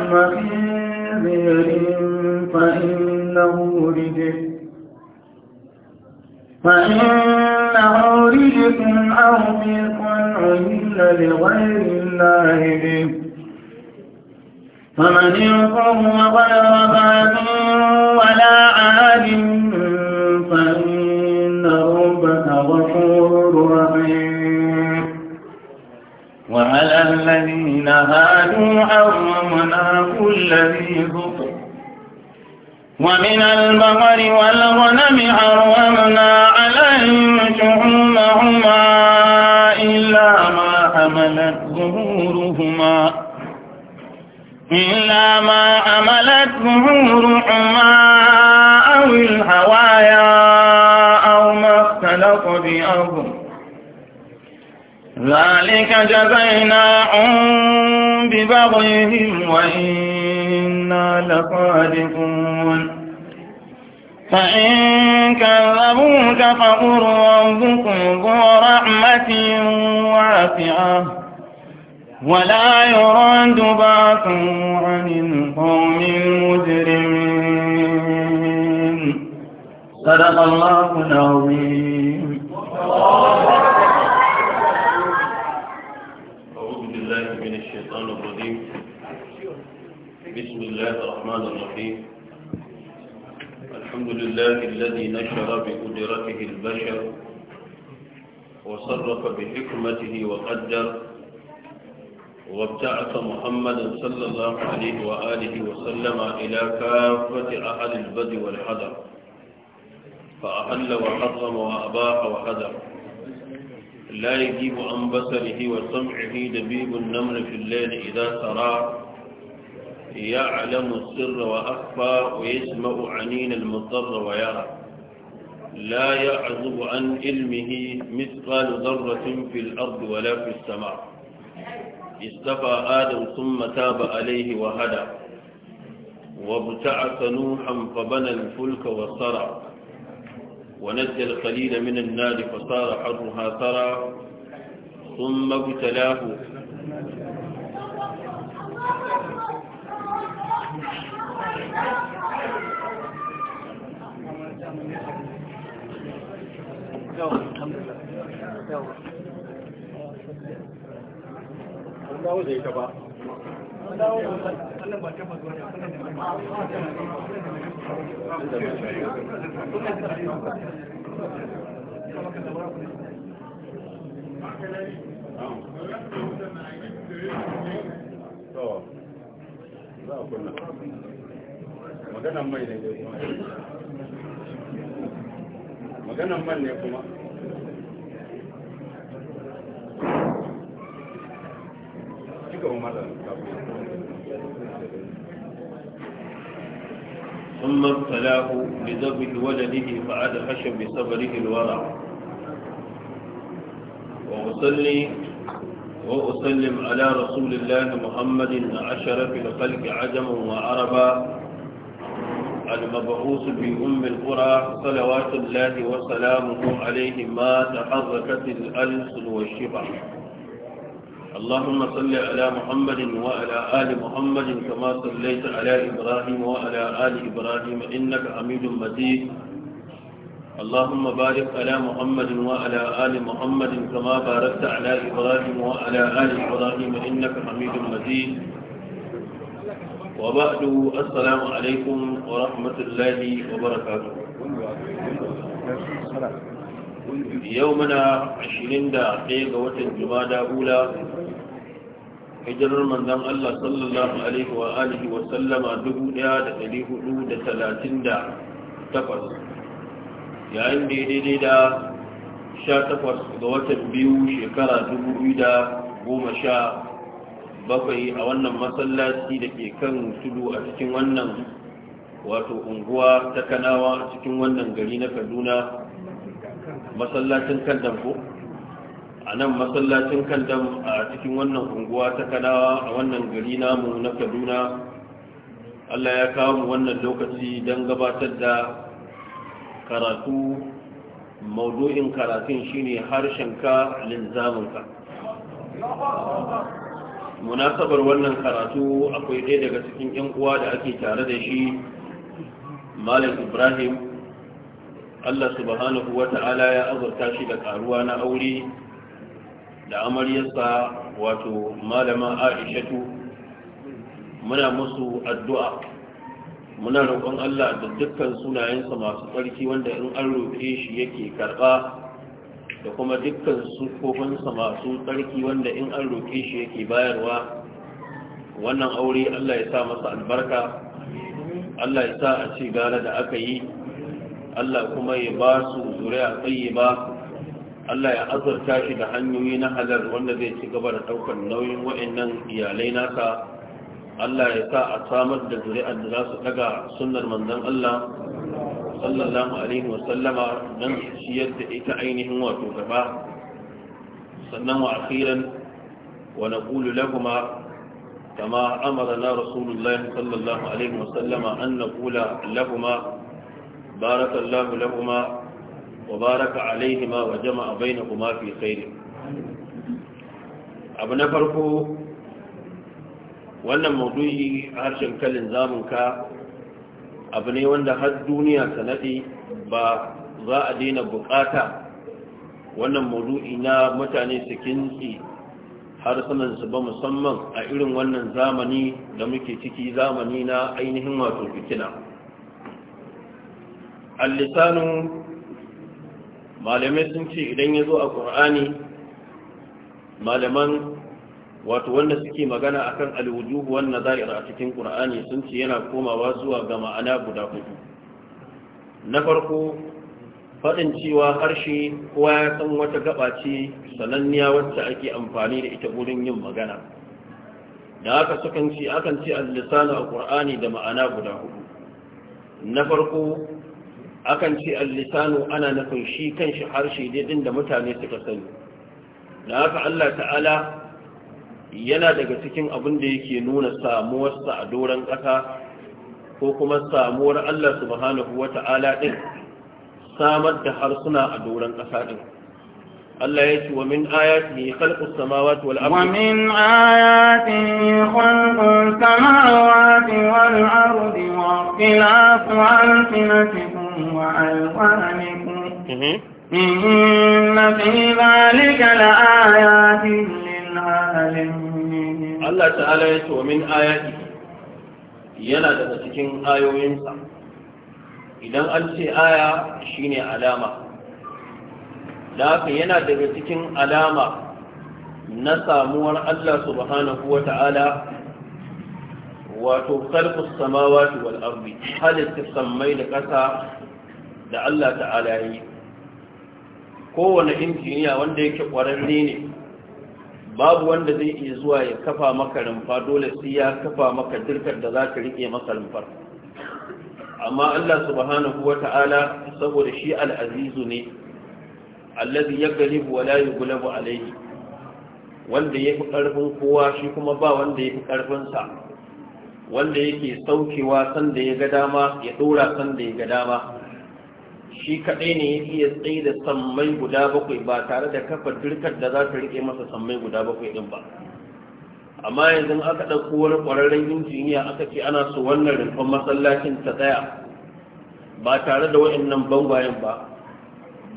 لحم خنزير فإنه رجس فإنه رجس أو فسق أهل لغير الله به فمن يقوم غير باغ الذين هادوا حرمنا كل ذي ومن البقر والغنم حرمنا عليهم شحومهما إلا ما حملت ظهور ذلك جزيناهم ببغيهم وإنا لصادقون فإن كذبوك فقل ربكم ذو رحمة واسعة ولا يرد بأسه عن القوم المجرمين صدق الله العظيم الحمد لله الذي نشر بقدرته البشر وصرف بحكمته وقدر وابتعث محمدا صلى الله عليه وآله وسلم إلى كافة أهل البدو والحذر فأهل وحرم وأباح وحذر لا يجيب عن بصره وسمعه دبيب النمر في الليل إذا سرى يعلم السر وأخفى ويسمع عنين المضر ويرى لا يعزب عن علمه مثقال ذرة في الأرض ولا في السماء استفى آدم ثم تاب عليه وهدى وابتعث نوحا فبنى الفلك وصرع ونجى الخليل من النار فصار حرها ثرى ثم ابتلاه dawo Oh. maganan mai ne kuma maganan man ne kuma cika ثم ابتلاه بذبح ولده فأدهش بصبره الورع وأصلي وأسلم على رسول الله محمد عشر في الخلق عجما وعربا المبعوث بأم القرى صلوات الله وسلامه عليه ما تحركت الألسن والشبع اللهم صل على محمد وعلى آل محمد كما صليت على إبراهيم وعلى آل إبراهيم إنك حميد مجيد اللهم بارك على محمد وعلى آل محمد كما باركت على إبراهيم وعلى آل إبراهيم إنك حميد مجيد وبعد السلام عليكم ورحمة الله وبركاته يومنا عشرين دقيقة وتنجمادة أولى hijirar manzan Allah sallallahu Alaihi wa alihi wasallama 1438 yayin da ya daidai da 18 ga watan biyu shekara 2017 a wannan masallaci da ke kan tudu a cikin wannan wato unguwa ta kanawa a cikin wannan gari na kaduna masallacin kandan ko a nan masallacin kandan a cikin wannan unguwa ta kanawa a wannan gari namu na kaduna allah ya kawo mu wannan lokaci don gabatar da karatu maudu'in karatun shine harshenka linzaminka munasabar wannan karatu akwai ɗaya daga cikin yan uwa da ake tare da shi malam ibrahim allah subhanahu wa ta'ala ya azurta shi da karuwa na aure da amaryarsa wato malama aishatu muna musu addu'a muna roƙon Allah da dukkan sunayensa masu tsarki wanda in an roƙe shi yake karɓa da kuma dukkan sufofinsa masu tsarki wanda in an roƙe shi yake bayarwa wannan aure Allah ya sa masa albarka Allah ya sa a ce da aka yi Allah kuma ya ba su zuriya tsaye ba Allah ya azurta shi da hanyoyi na halar wanda zai ci gaba da ɗaukar nauyin wa'annan iyalai nasa Allah ya sa a samar da zuri'ar da za su daga sunnar manzon Allah sallallahu alaihi wa sallama dan shi yadda ita ainihin wato gaba sannan wa akhiran wa naqulu lahumma كما أمرنا رسول الله صلى الله عليه وسلم أن نقول لهما بارك الله لهما وبارك عليهما وجمع بينهما في خير wannan maudu'i harshen kalin zamunka abu ne wanda har duniya ta nade ba za a daina bukata wannan maudu'i na mutane su kintsi har sanansu ba musamman a irin wannan zamani da muke ciki zamani na ainihin wato fitina allisanu malamai sun ce idan ya zo a ƙur'ani malaman wato wanda suke magana akan alwujuhu wan nazair a cikin qur'ani sun ce yana komawa zuwa ga ma'ana guda hudu na farko fadin cewa harshe kowa ya san wata gaba ce sananniya wacce ake amfani da ita gurin yin magana da haka sukan ce akan ce al-lisanu a qur'ani da ma'ana guda hudu na farko akan ce al-lisanu ana nufin shi kanshi harshe dai din da mutane suka sani da haka Allah ta'ala yana daga cikin abin da yake nuna samuwarsa a doron ƙasa ko kuma samuwar Allah subhanahu wa ta'ala ɗin samar da harsuna a doron ƙasa ɗin. Allah ya ce wa min ayati khalqus samawati wal ardi wa min ayati khalqus samawati wal ardi wa ikhtilafu alsinatikum wa alwanikum mhm. inna fi dhalika la ayatin العالمين الله تعالى يتوى min آياته yana daga cikin ayoyinsa idan an ce aya shine alama da haka yana daga cikin alama na samuwar Allah subhanahu wa ta'ala wato kalfus samawati wal ardi halitta sammai da ƙasa da Allah ta'ala yi kowane injiniya wanda yake ƙwararre ne babu wanda zai iya zuwa ya kafa maka rumfa dole sai ya kafa maka dirkar da za ka rike maka rumfar amma Allah subhanahu wata'ala saboda shi al'azizu ne allazi ya wa la yughlabu alayhi wanda yafi karfin kowa shi kuma ba wanda yafi karfin sa wanda yake saukewa sanda ya ga dama ya dora sanda ya ga dama shi kaɗai ne ya iya tsaye da sammai guda bakwai ba tare da kafa dirkar da za ta riƙe masa sammai guda bakwai ɗin ba amma yanzu aka ɗauko wani ƙwararren injiniya aka ce ana so wannan rufin masallacin ta tsaya ba tare da wa'annan bangwayen ba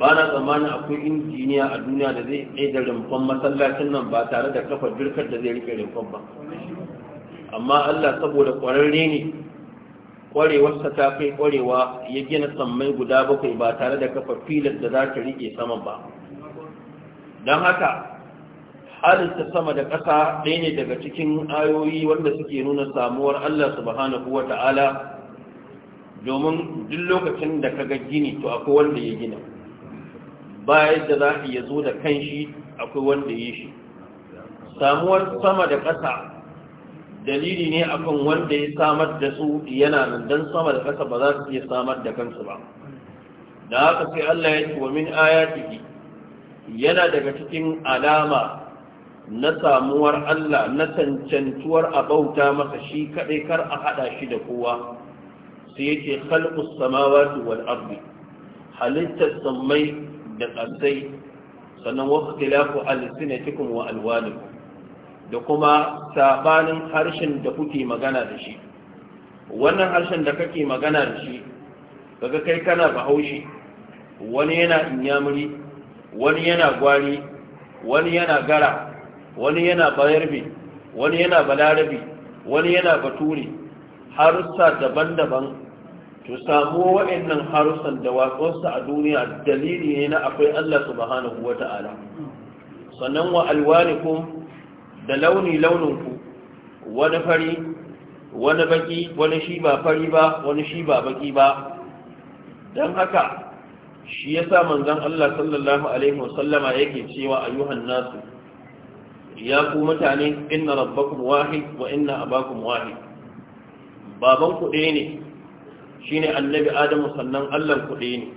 ba na tsammanin akwai injiniya a duniya da zai tsaye da rufin masallacin nan ba tare da kafa dirkar da zai riƙe rufin ba amma allah saboda ƙwararre ne Kwarewar ta kai ƙwarewa ya gina sammai guda bakwai ba tare da kafa filin da za ta riƙe saman ba don haka halitta sama da ƙasa ɗaya ne daga cikin ayoyi wanda suke nuna samuwar Allah subhanahu wa ta'ala domin duk lokacin da ka ga gini to akwai wanda ya gina Ba yadda za a iya zo da kanshi akwai wanda ya shi samuwar sama da ƙasa dalili ne akan wanda ya samar da su yana nan don sama da kasa ba za su iya samar da kansu ba da haka sai Allah ya ce wa min ayatihi yana daga cikin alama na samuwar Allah na cancantuwar a bauta masa shi kaɗai kar a haɗa shi da kowa sai yake khalqus samawati wal ardi halittar sammai da ƙasai sannan wasu tilafu alsinatikum wa alwanikum da kuma sabanin harshen da kuke magana da shi wannan harshen da kake magana da shi kaga kai kana bahaushe wani yana inyamuri wani yana gwari wani yana gara wani yana bayarbe wani yana balarabe wani yana bature harussa daban-daban to samu wa'annan harussan da watsonsa a duniya dalili ne na akwai Allah subhanahu wata'ala sannan wa alwanikum da launi launinku wani fari wani baki wani shi ba fari ba wani shi ba baki ba don haka shi ya sa manzan Allah sallallahu Alaihi wasallama yake cewa ayyuhan nasu ya ku mutane inna rabbakum wahid wa inna abakum wahid baban kuɗe ne shi ne annabi adamu sannan Allah kuɗe ne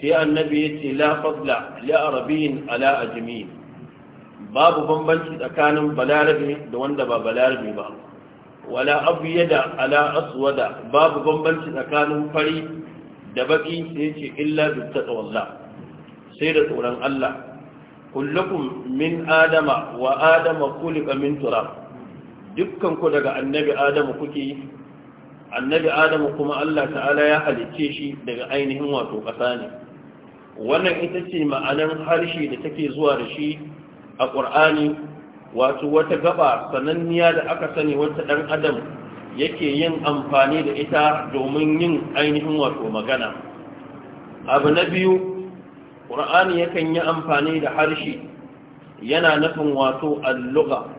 sai annabi ya ce la fadla la arabiyin ala ajmiyin babu bambanci tsakanin balarabe da wanda ba balarabe ba wala da ala aswada babu bambanci tsakanin fari da baki sai ce illa bi taqwallah sai da tsoron Allah kullukum min adama wa adama khuliqa min turab dukkan ku daga annabi adama kuke annabi adamu kuma Allah ta'ala ya halicce shi daga ainihin wato ƙasa ne wannan ita ce ma'anar harshe da take zuwa da shi a ƙur'ani wato wata gaba sananniya da aka sani wata ɗan adam yake yin amfani da ita domin yin ainihin wato magana abu na biyu ƙur'ani yakan yi amfani da harshe yana nufin wato alluga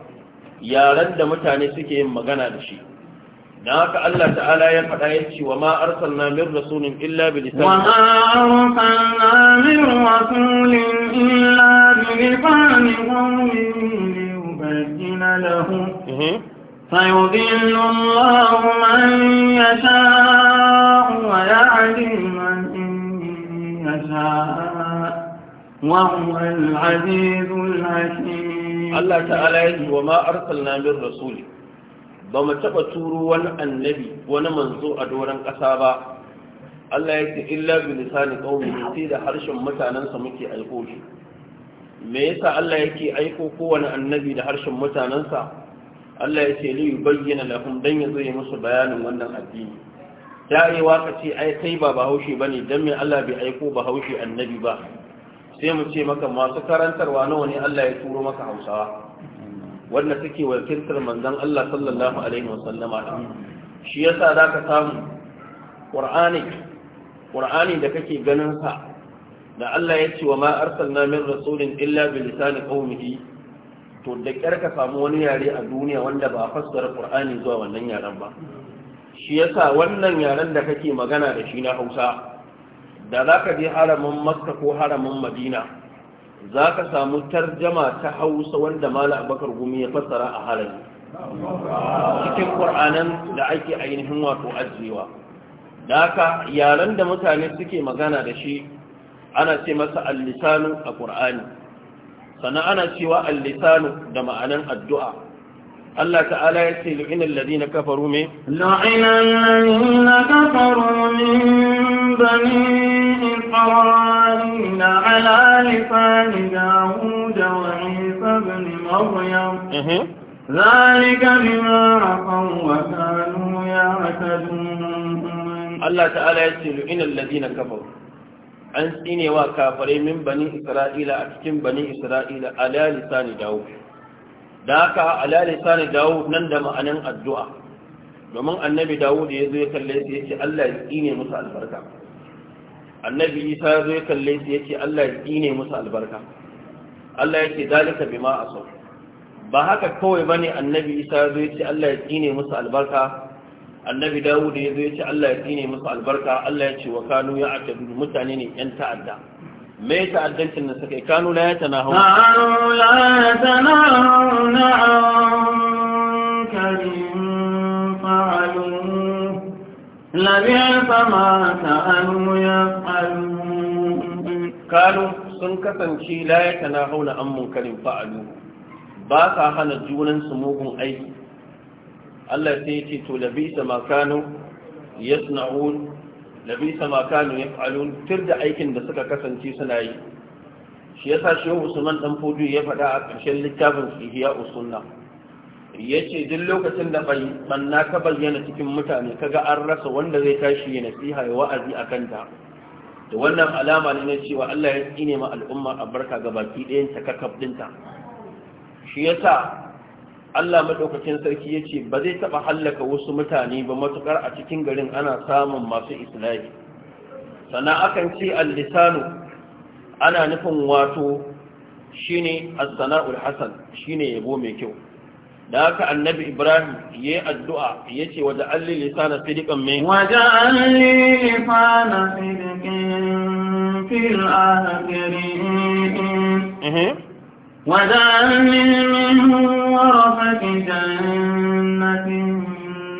yaren da mutane suke yin magana da shi da haka Allah ta'ala ya faɗa ya ce wa ma arsalna min rasulin illa bi lisan wa ma arsalna min rasulin illa bi lisan qawmin liyubayyin lahum فيضل الله من يشاء ويعلم من يشاء وهو العزيز الحكيم الله تعالى wa وما أرسلنا من رسول ba mu taɓa turo wani annabi wani manzo a doron ƙasa ba Allah ya ce illa bi lisani qaumi sai da harshen mutanansa muke aiko shi me yasa Allah yake aiko kowane annabi da harshen mutanansa Allah ya ce li yubayyana lahum dan ya ya musu bayanin wannan addini da yi waka ce ai kai ba bahaushe bane dan me Allah bai aiko bahaushe annabi ba sai mu ce maka masu karantarwa nawa ne Allah ya turo maka Hausawa wanda suke wakiltar manzon Allah sallallahu alaihi wasallama shi yasa ka samu qur'ani da kake ganin sa da Allah ya ce wa ma arsalna min rasulin illa bi lisani to da kyar ka samu wani yare a duniya wanda ba a fassara ƙur'ani zuwa wannan yaren ba shi yasa wannan yaren da kake magana da shi na Hausa da ka je haramin Maska ko haramin Madina za ka samu tarjama ta hausa wanda mala abakar gumi ya fassara a halari cikin ƙwar'anan da ake ainihin wato ajiyewa da aka yaren da mutane suke magana da shi ana ce masa allisanu a ƙwar'ani sannan ana cewa allisanu da ma'anan addu'a الله تعالى يأتي لعن الذين كفروا من لعن الذين كفروا من بني عليه قرانين على لسان داود وعيسى بن مريم ذلك بما عصوا وكانوا يعتدون الله تعالى يسأل إن الذين kafar, an tsinewa kafirai min bani isra'ila a cikin bani isra'ila ala ni dawo da haka ala ni dawo nan da ma'anin addu'a domin annabi dawo da ya zo ya kalle su ya ce Allah ya tsine musu albarka annabi isa zai kalle su ya ce Allah ya tsine musu albarka Allah ya yake dalika bima asau ba haka kawai ba ne annabi isa zo ya ce Allah ya tsine musu albarka annabi dawud ya zo ya ce Allah ya tsine musu albarka Allah ya ce wa kanu ya atadu mutane ne yan ta'adda me ya ta'addancin da suka yi kanu la ya tanahu kanu la ya tanahu na'am karim fa'alu لبئس ما كانوا يفعلون كانوا sun kasance la ya tana haula an ba sa hana junansu mugun aiki Allah sai ya ce to labisa ma kanu yasna'un labisa ma kanu yaf'alun da aikin da suka kasance suna yi shi yasa shehu Usman dan Fodu ya faɗa a ƙarshen littafin Ihya Usunna ya ce duk lokacin da banna ka bayyana cikin mutane kaga an rasa wanda zai tashi ya nasiha ya wa'azi a kanta da wannan alama ne na cewa Allah ya tsine ma al'umma a barka ga baki ɗayan ta kakaf ɗinta shi sa Allah maɗaukacin sarki ya ce ba zai taɓa hallaka wasu mutane ba matuƙar a cikin garin ana samun masu islahi Sana'akan akan ce al-lisanu ana nufin wato shine as-sana'ul hasan shine yabo mai kyau da haka annabi ibrahim ya addu'a ya ce wa ja'an li lisana sidiqan min wa ja'an li lisana sidiqin fil akhirin mhm. wa ja'an li min na jannatin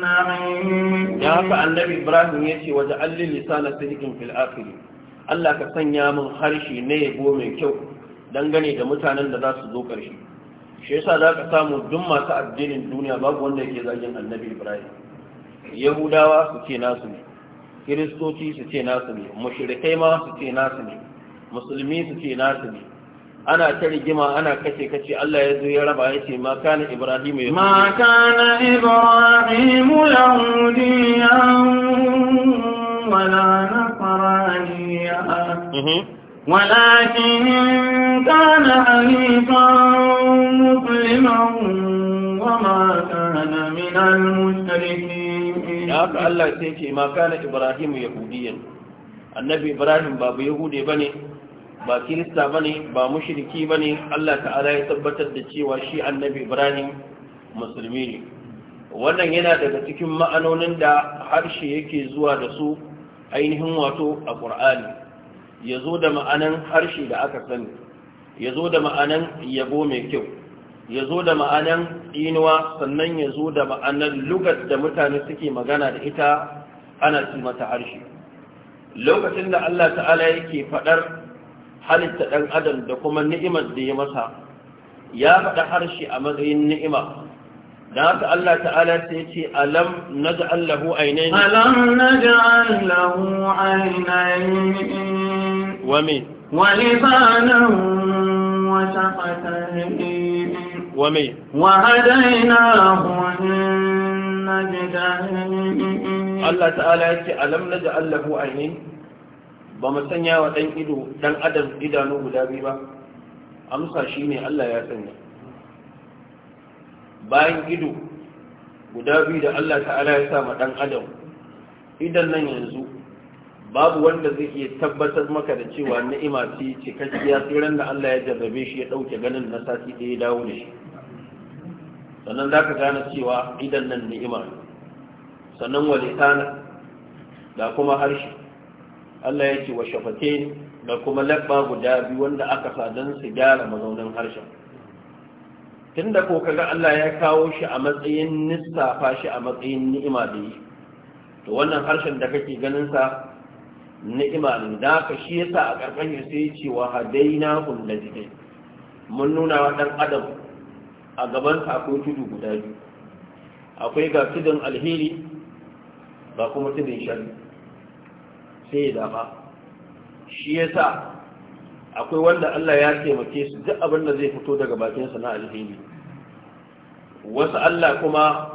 na'im ya haka annabi ibrahim ya ce wa ja'an li lisana sidiqin fil akhirin Allah ka sanya min harshe na yabo mai kyau dangane da mutanen da za su zo ƙarshe shi yasa za ka samu duk masu addinin duniya babu wanda yake zagin annabi ibrahim yahudawa su ce nasu ne kiristoci su ce nasu ne mushrikai ma su ce nasu ne musulmi su ce nasu ne ana ta rigima ana kace kace Allah ya zo ya raba ya ce ma kana Ibrahim ya ma kana Ibrahim yahudiyan wala nasraniya ولكن mhm. كان حنيفا مسلما وما كان من المشركين haka Allah sai ce ma kana Ibrahim yahudiyan annabi Ibrahim ba ba ba kirista bane ba mushriki bane Allah ta'ala ya tabbatar da cewa shi annabi Ibrahim musulmi ne wannan yana daga cikin ma'anonin da harshe yake zuwa da su ainihin wato a Qur'ani ya zo da ma'anan harshe da aka sani ya zo da ma'anan yabo mai kyau ya zo da ma'anan inuwa sannan ya zo da ma'anan lugar da mutane suke magana da ita ana ci harshe lokacin da Allah ta'ala yake faɗar halitta ɗan adam da kuma ni'imar da ya masa ya faɗa harshe a matsayin ni'ima da haka Allah ta'ala sai ce alam naj'al lahu aynayn alam wa min wa lisanan وشفتين ومي وهديناه النجدين الله تعالى يتي ألم نجعل له عينين بمسنيا ودن إدو دن أدم إدانو بدابي با amsa shi ne Allah ya sanya bayan ido guda biyu da Allah ta'ala ya sa ma ɗan adam idan nan yanzu babu wanda zai iya tabbatar maka da cewa ni'ima ce cikakkiya sai ran da Allah ya jarrabe shi ya ɗauke ganin na sati ɗaya dawo da shi sannan za ka gane cewa idan nan ni'ima sannan wa lisana da kuma harshe Allah ya ce wa shafatain da kuma labba guda biyu wanda aka sa don su gyara mazaunin harshen tunda ko kaga Allah ya kawo shi a matsayin nissafa shi a matsayin ni'ima da yi to wannan harshen da kake ganin sa ni'ima ne da haka shi yasa a karkan ya sai ce wa hadaina hum najdain mun nuna wa dan adam a gaban sa akwai tudu guda biyu akwai ga tudun alheri ba kuma tudun shari sai ya zaba shi yasa akwai wanda Allah ya taimake su duk abin da zai fito daga bakin sa na alheri wasu Allah kuma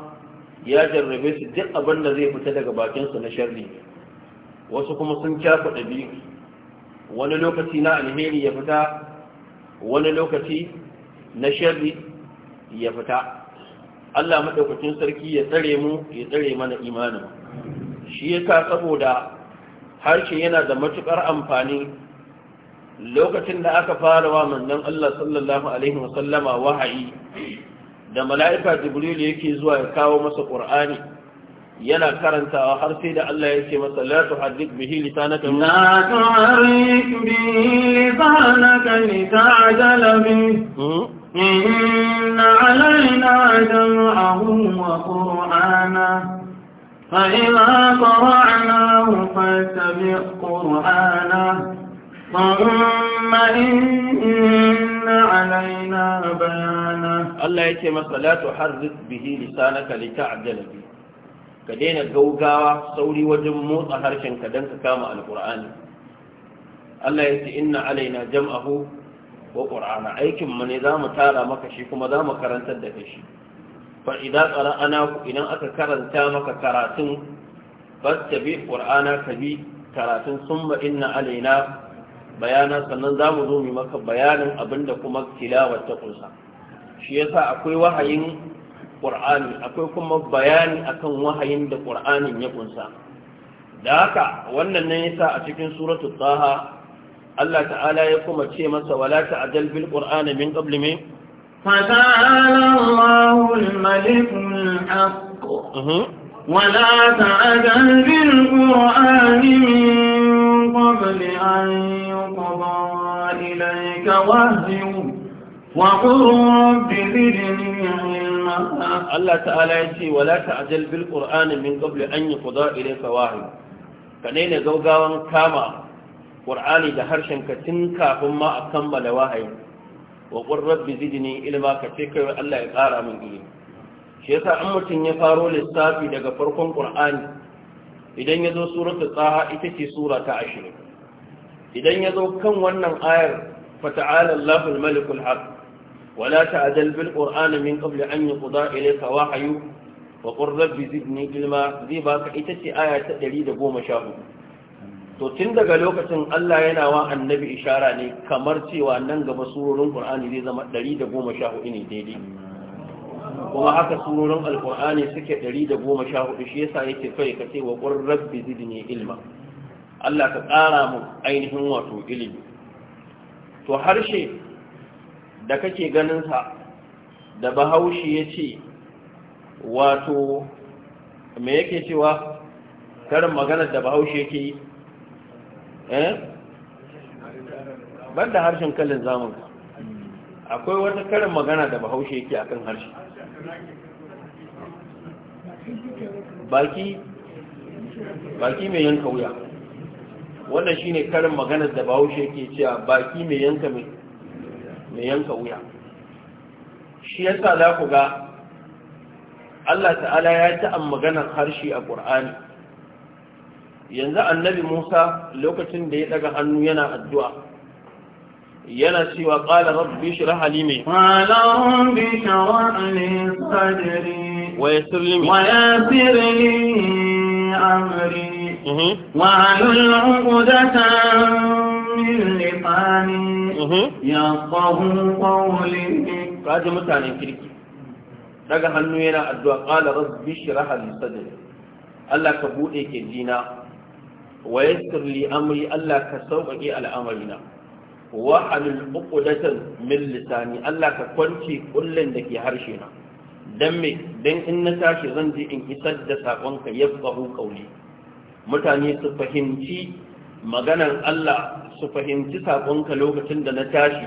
ya jarrabe su duk abin da zai fita daga bakin sa na sharri ne wasu kuma sun kyafa ɗabi'u wani lokaci na alheri ya fita wani lokaci na sharri ya fita Allah maɗaukacin sarki ya tsare mu ya tsare mana imanin shi yasa saboda harshe yana da matuƙar amfani lokacin da aka fara wa manzon Allah sallallahu alaihi wasallama wahayi da mala'ika jibril yake zuwa ya kawo masa Ƙur'ani. yana karantawa har sai da Allah ya ce masa la tuhaddith bihi lisanaka la tuhaddith bihi lisanaka litajala bihi إن علينا جمعه وقرآنا فإذا قرعناه فاتبع قرآنا ثم إن Allah ya ce يتمثل لا تحرك به لسانك لتعجل به ka daina gaugawa sauri wajen motsa harshen ka don ka kama alkur'ani Allah ya ce inna alaina jam'ahu wa qur'ana aikin mu ne zamu tara maka shi kuma zamu karantar da shi fa idan qara'ana idan aka karanta maka karatun fastabi qur'ana kabi karatun summa inna alaina bayana sannan zamu zo mu maka bayanin abinda kuma tilawar ta kunsa shi yasa akwai wahayin qur'ani akwai kuma bayani akan wahayin da qur'anin ya kunsa da haka wannan ne yasa a cikin suratul taha Allah ta'ala ya kuma ce masa wala ta'dal bil qur'ani min qabl min fata'ala Allahul malikul haqq wala ta'dal bil qur'ani min qabl an yuqda ilayka wahyu وقل رب ذرني علما Allah ta'ala ya ce wala ta'jal bil qur'ani min qabl an yuqda ilayka ka ne gaugawan kama qur'ani da harshen ka tun kafin ma a kammala wahayi wa qur rabbi zidni ilma ka ce kai Allah ya ƙara min ilimi shi yasa an mutun ya faro lissafi daga farkon qur'ani idan ya zo suratul tsaha ita ce sura ta 20 idan ya zo kan wannan ayar fata'ala Allahul malikul haq ولا تعجل بالقرآن من قبل أن يقضى إليك وحي وقل رب زدني علما ذي باك إتتي آية تدريد قوم شاهد to tun daga lokacin Allah yana wa annabi ishara ne kamar cewa nan gaba surorin Qur'ani zai zama 114 ne daidai kuma haka surorin Alƙur'ani suke ɗari 114 shi yasa yake kai ka ce wa qur rabbi ilma Allah ka ƙara mun ainihin wato ilimi to harshe da kake ganinsa da bahaushe ya ce wato me yake cewa karin maganar da bahaushe yake yi eh ban da harshen kallon zamun akwai wata karin magana da bahaushe yake akan harshe baki baki mai yanka wuya wannan shine karin maganar da bahaushe yake cewa baki mai yanka mai mai yanka wuya shi yasa za ku ga Allah ta'ala ya ta an maganar harshe a ƙur'ani yanzu annabi Musa lokacin da ya daga hannu yana addu'a yana cewa ƙala rabbi shirah li mai ƙala rabbi shirah li sadri wa yassir li amri Mm-hmm. وعلوا العقدة من لساني mm-hmm. يفقهوا قولي kaji mutanen kirki daga hannu yana addu'a qala rabbi shrah li sadri Allah ka bude kirjina wa yassir li amri Allah ka sauƙaƙe al'amarina wa halul uqdatan min lisani Allah ka kwance kullun dake harshe na dan me dan in na tashi zan je in isar da ya yafqahu qawli mutane su fahimci maganar Allah su fahimci saƙonka lokacin da na tashi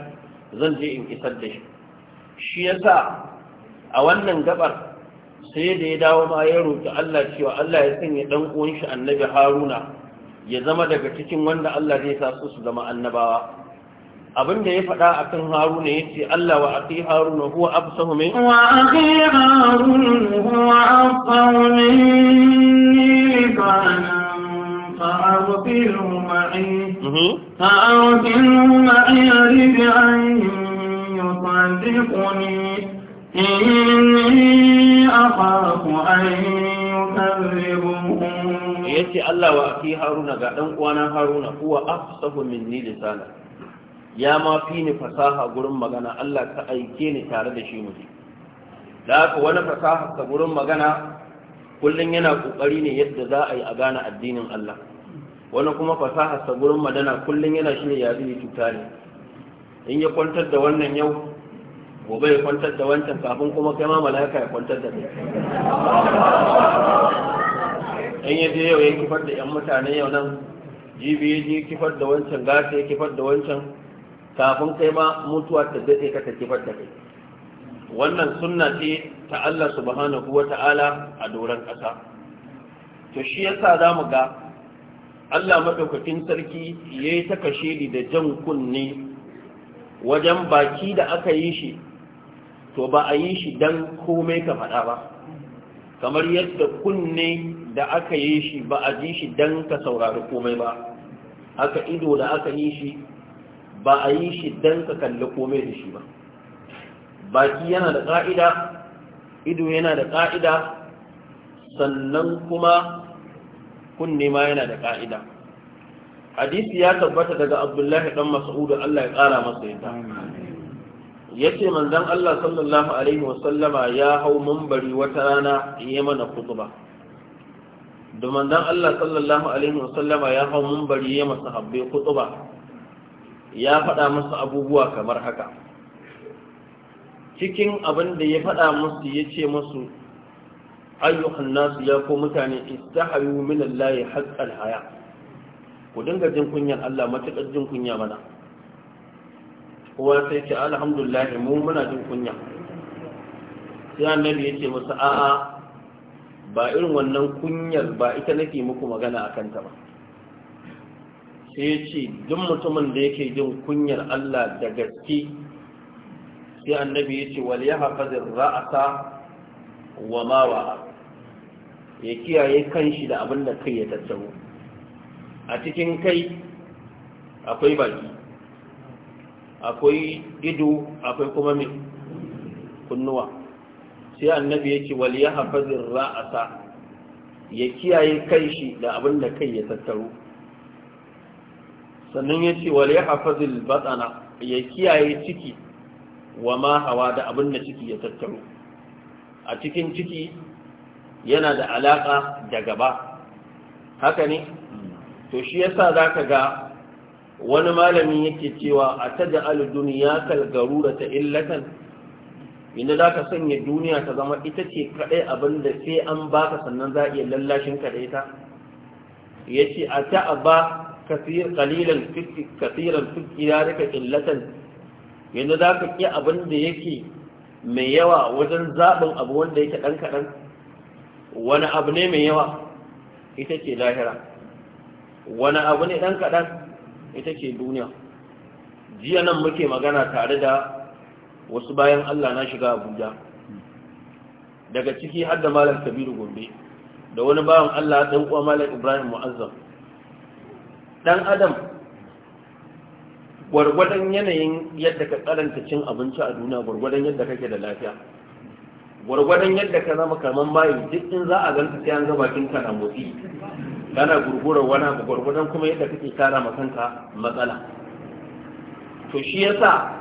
zan je in isar da shi shi yasa a wannan gabar sai da ya dawo ma ya roƙi Allah cewa Allah ya sanya dan uwan shi annabi Haruna ya zama daga cikin wanda Allah zai sa su su zama annabawa abin da ya faɗa a kan haruna ya ce Allah wa aqi haruna huwa absahu min wa aqi haruna huwa absahu min فأرسله معي فأرسله معي رجعا يصدقني إني أخاف أن يكذبون yace Allah wa aki Haruna ga dan uwana Haruna huwa afsahu minni lisana ya ma fi ni fasaha gurin magana Allah ka aike ni tare da shi muje da haka wani fasaha ka gurin magana kullum yana kokari ne yadda za a yi a gane addinin Allah wani kuma fasaha sa gurin madana kullum yana shine ya zai cuta ne in ya kwantar da wannan yau gobe ya kwantar da wancan kafin kuma kai ma mala'ika ya kwantar da kai in ya je yau ya kifar da yan mutane yau nan jibi ya je kifar da wancan gata ya kifar da wancan kafin kai ma mutuwa ta daɗe ka ta kifar da kai wannan sunna ce ta Allah subhanahu wa ta'ala a doron ƙasa to shi yasa za mu ga Allah maɗaukakin sarki ya yi ta kashe da jan kunne wajen baki da aka yi shi to ba a yi shi don komai ka faɗa ba kamar yadda kunne da aka yi shi ba a ji shi don ka saurari komai ba aka ido da aka yi shi ba a yi shi don ka kalli komai da shi ba baki yana da ƙa'ida ido yana da ƙa'ida sannan kuma kunne ma yana da ƙa'ida hadisi ya tabbata daga abdullahi dan mas'ud Allah ya ƙara masa yadda yace manzon Allah sallallahu alaihi wasallama ya hau mambari wata rana yayi mana kutuba da manzon Allah sallallahu alaihi wasallama ya hau mambari yayi masa habbe kutuba ya faɗa masa abubuwa kamar haka cikin abin da ya faɗa musu ya ce musu ayyukan nasu ya ko mutane istahayu min Allah haqqal haya ku dinga jin kunyar Allah matuƙar jin kunya mana kowa sai ce alhamdulillah mu muna jin kunya sai annabi ya ce musu a'a ba irin wannan kunyar ba ita nake muku magana a kanta ba sai ya ce duk mutumin da yake jin kunyar Allah da gaske sai annabi ya ce wal yahfazir ra'asa wa ma wa ya kiyaye kanshi da abin da kai ya tattaro a cikin kai akwai baki akwai ido akwai kuma mai kunnuwa sai annabi ya ce wal yahfazir ra'asa ya kiyaye kanshi da abin da kai ya tattaro sannan ya ce wal yahfazil batana ya kiyaye ciki wa ma hawa da abin da ciki ya tattaro a cikin ciki yana da alaƙa da gaba haka ne to shi yasa za ka ga wani malami yake cewa a ta ya duniya da ta illatan inda za ka sanya duniya ta zama ita ce kaɗai abin da sai an baka sannan za a iya lallashin ka da ita ya ce a ta a ba kasiran fikirar illatan yanzu za ka ƙi abin da yake mai yawa wajen zaɓin abu wanda yake ɗan kaɗan wani abu ne mai yawa ita ce lahira wani abu ne ɗan kaɗan ita ce duniya jiya nan muke magana tare da wasu bayan allah na shiga abuja daga ciki har da malam kabiru gombe da wani bawan allah ɗan kuwa malam ibrahim mu'azzam ɗan adam gwargwadon yanayin yadda ka karanta cin abinci a duniya gwargwadon yadda kake da lafiya gwargwadon yadda ka zama kaman bayan duk in za a ganta sai an ga bakin ka na motsi kana gurgurar wani abu gwargwadon kuma yadda kake kara ma kanka matsala to shi yasa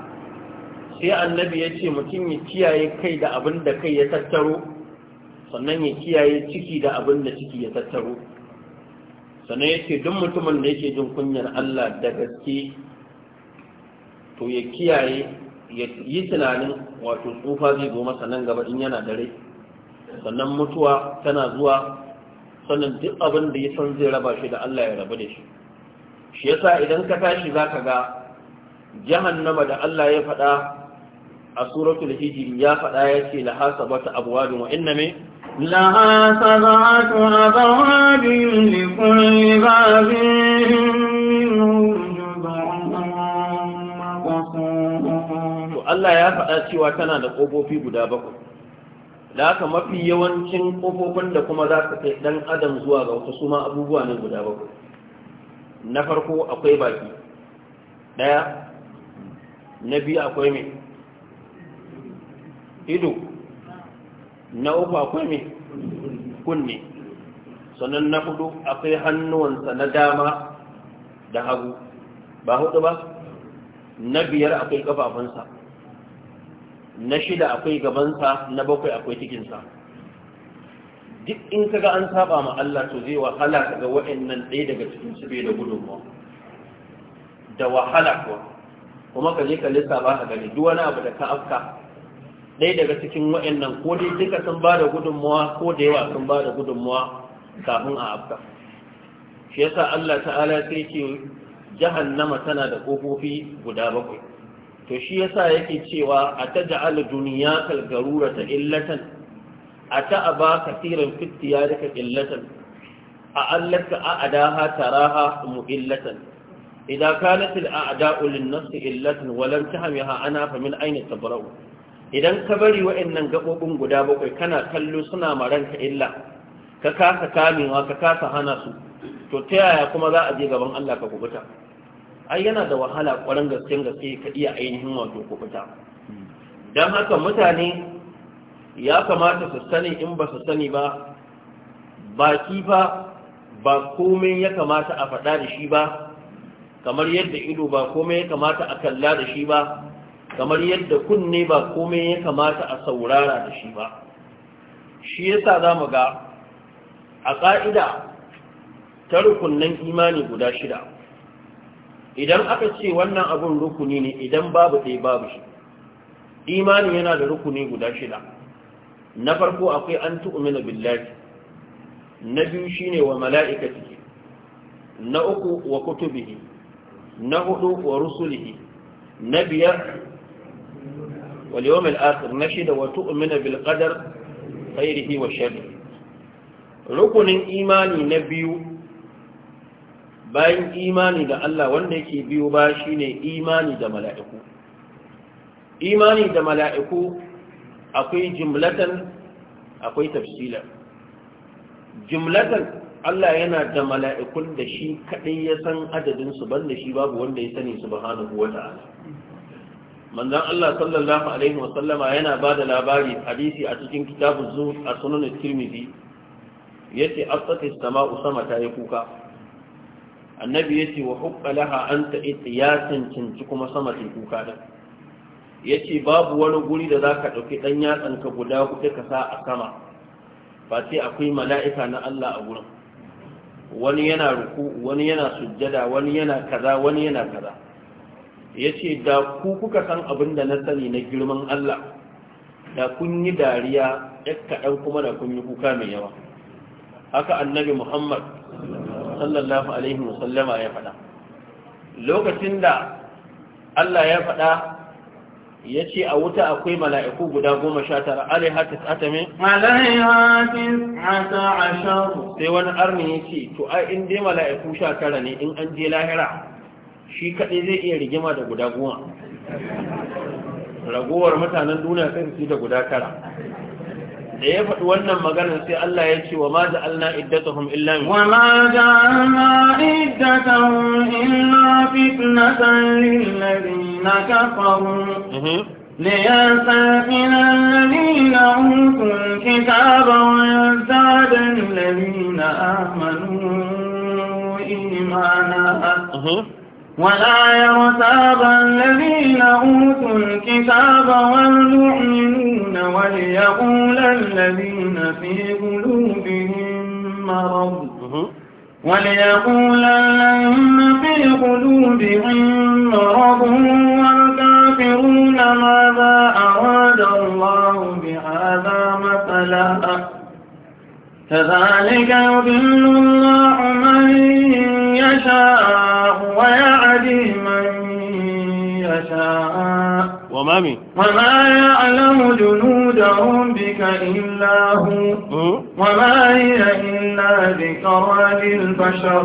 sai annabi ya ce mutum ya kiyaye kai da abin da kai ya tattaro sannan ya kiyaye ciki da abin da ciki ya tattaro sannan ya ce duk mutumin da yake jin kunyar Allah da gaske to ya kiyaye ya yi tunanin wato tsufa zai zo masa nan gaba in yana dare sannan mutuwa tana zuwa sannan duk abin da ya san zai raba shi da Allah ya rabu da shi shi yasa idan ka tashi zaka ga jahannama da Allah ya faɗa a suratul hijri ya faɗa yace la hasabata abwadun wa inna me لها سبعة أبواب لكل باب منهم Allah ya faɗa cewa tana da ƙofofi guda bakwai da haka mafi yawancin ƙofofin da kuma za ka kai ɗan adam zuwa ga wasu suma abubuwa ne guda bakwai na farko akwai baki ɗaya na biyu akwai mai ido na uku akwai mai kunne sannan na hudu akwai hannuwansa na dama da hagu ba hudu ba na biyar akwai ƙafafunsa na shida akwai gabansa na bakwai akwai cikinsa duk in kaga an saba ma Allah to zai wahala kaga wa'annan ɗaya daga cikin su bai da gudunmawa da wahala ko kuma ka je ka lissafa ka gani duk wani abu da ka afka ɗaya daga cikin wa'annan ko dai duka sun ba da gudunmawa ko da yawa sun ba da gudunmawa kafin a afka shi yasa Allah ta'ala sai ce jahannama tana da ƙofofi guda bakwai to shi yasa yake cewa a ta ja'ala duniya kalgarura ta illatan a ta aba kasirin fitiya daga illatan a allaka a adaha taraha mu illatan idan kanatil a ada'ulin nasu illatan walar ta hamiha ana famin ainihin tabarau idan ka bari wa'annan gaɓoɓin guda bakwai kana kallo suna maranka illa ka kasa kamewa ka kasa hana su to ta yaya kuma za a je gaban Allah ka kubuta ai yana da wahala ƙwarar gaske gaske ka iya ainihin wato kubuta don haka mutane ya kamata su sani in ba su sani ba baki fa ba komai ya kamata a faɗa da shi ba kamar yadda ido ba komai ya kamata a kalla da shi ba kamar yadda kunne ba komai ya kamata a saurara da shi ba shi yasa za mu ga a ƙa'ida ta rukunnan imani guda shida idan aka ce wannan abun rukuni ne idan babu ɗaya babu shi imani yana da rukuni guda shida na farko akwai an tu'mina billahi na biyu shine wa mala'ikatihi na uku wa kutubihi na hudu wa rusulihi na biyar wal yawmil akhir na shida wa tu'mina bil qadar khairihi wa sharrihi rukunin imani na biyu bayan imani da Allah wanda yake biyo ba shine imani da mala'iku imani da mala'iku akwai jimlatan akwai tafsila. jimlatan Allah yana da mala'ikun da shi kaɗai ya san adadinsu ban da shi babu wanda ya sani su bahanahu wata'ala manzan Allah sallallahu Alaihi wasallama yana ba da labari hadisi a cikin kitabun zuwa a sunan tirmidhi ya ce aftatis sama'u sama ta yi kuka annabi ya ce wa hukka an ta ita ya cancanci kuma sama teku kaɗan ya ce babu wani guri da za ka ɗauki ɗan yatsan ka guda huɗu ka sa a sama ba sai akwai mala'ika na Allah a gurin wani yana ruku wani yana sujjada wani yana kaza wani yana kaza ya ce da ku kuka san abin da na sani na girman Allah da kun yi dariya ɗan kaɗan kuma da kun yi kuka mai yawa haka annabi muhammad sallallahu alaihi sallama ya faɗa lokacin da Allah ya faɗa ya ce a wuta akwai mala'iku guda goma sha tara alaiha tis'ata min alaiha tis'ata ashar sai wani arni ya ce to ai in dai mala'iku sha tara ne in an je lahira shi kaɗai zai iya rigima da guda goma ragowar mutanen duniya sai su da guda tara da ya faɗi wannan maganar sai Allah ya ce wa ma ja'alna iddatahum illa wa ma ja'alna iddatahum illa fitnatan lil ladina kafaru ليستغفر الذين أوتوا الكتاب ويزداد الذين آمنوا إيمانا ولا يرتاب الذين أوتوا الكتاب والمؤمنون وليقول الذين في قلوبهم مرض وليقول الذين في قلوبهم مرض والكافرون ماذا أراد الله بهذا مثلا كذلك يضل الله من يشاء ويعدي من يشاء وما وما يعلم جنود ربك إلا هو وما هي إلا ذكرى للبشر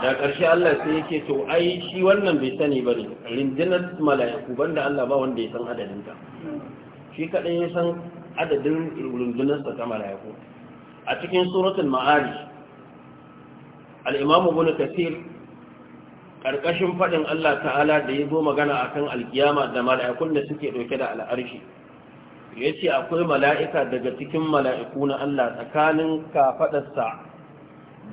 da ƙarshe Allah sai yake to ai shi wannan bai sani ba ne rindinar mala'iku banda Allah ba wanda ya san adadinta shi kaɗai ya san adadin rundunarsa ta mala'iku a cikin suratul Ma'ari, al-imam ibn kathir karkashin fadin Allah ta'ala da ya zo magana akan alkiyama da mala'ikun da suke dauke da al'arshi yace akwai mala'ika daga cikin mala'iku na Allah tsakanin kafaɗarsa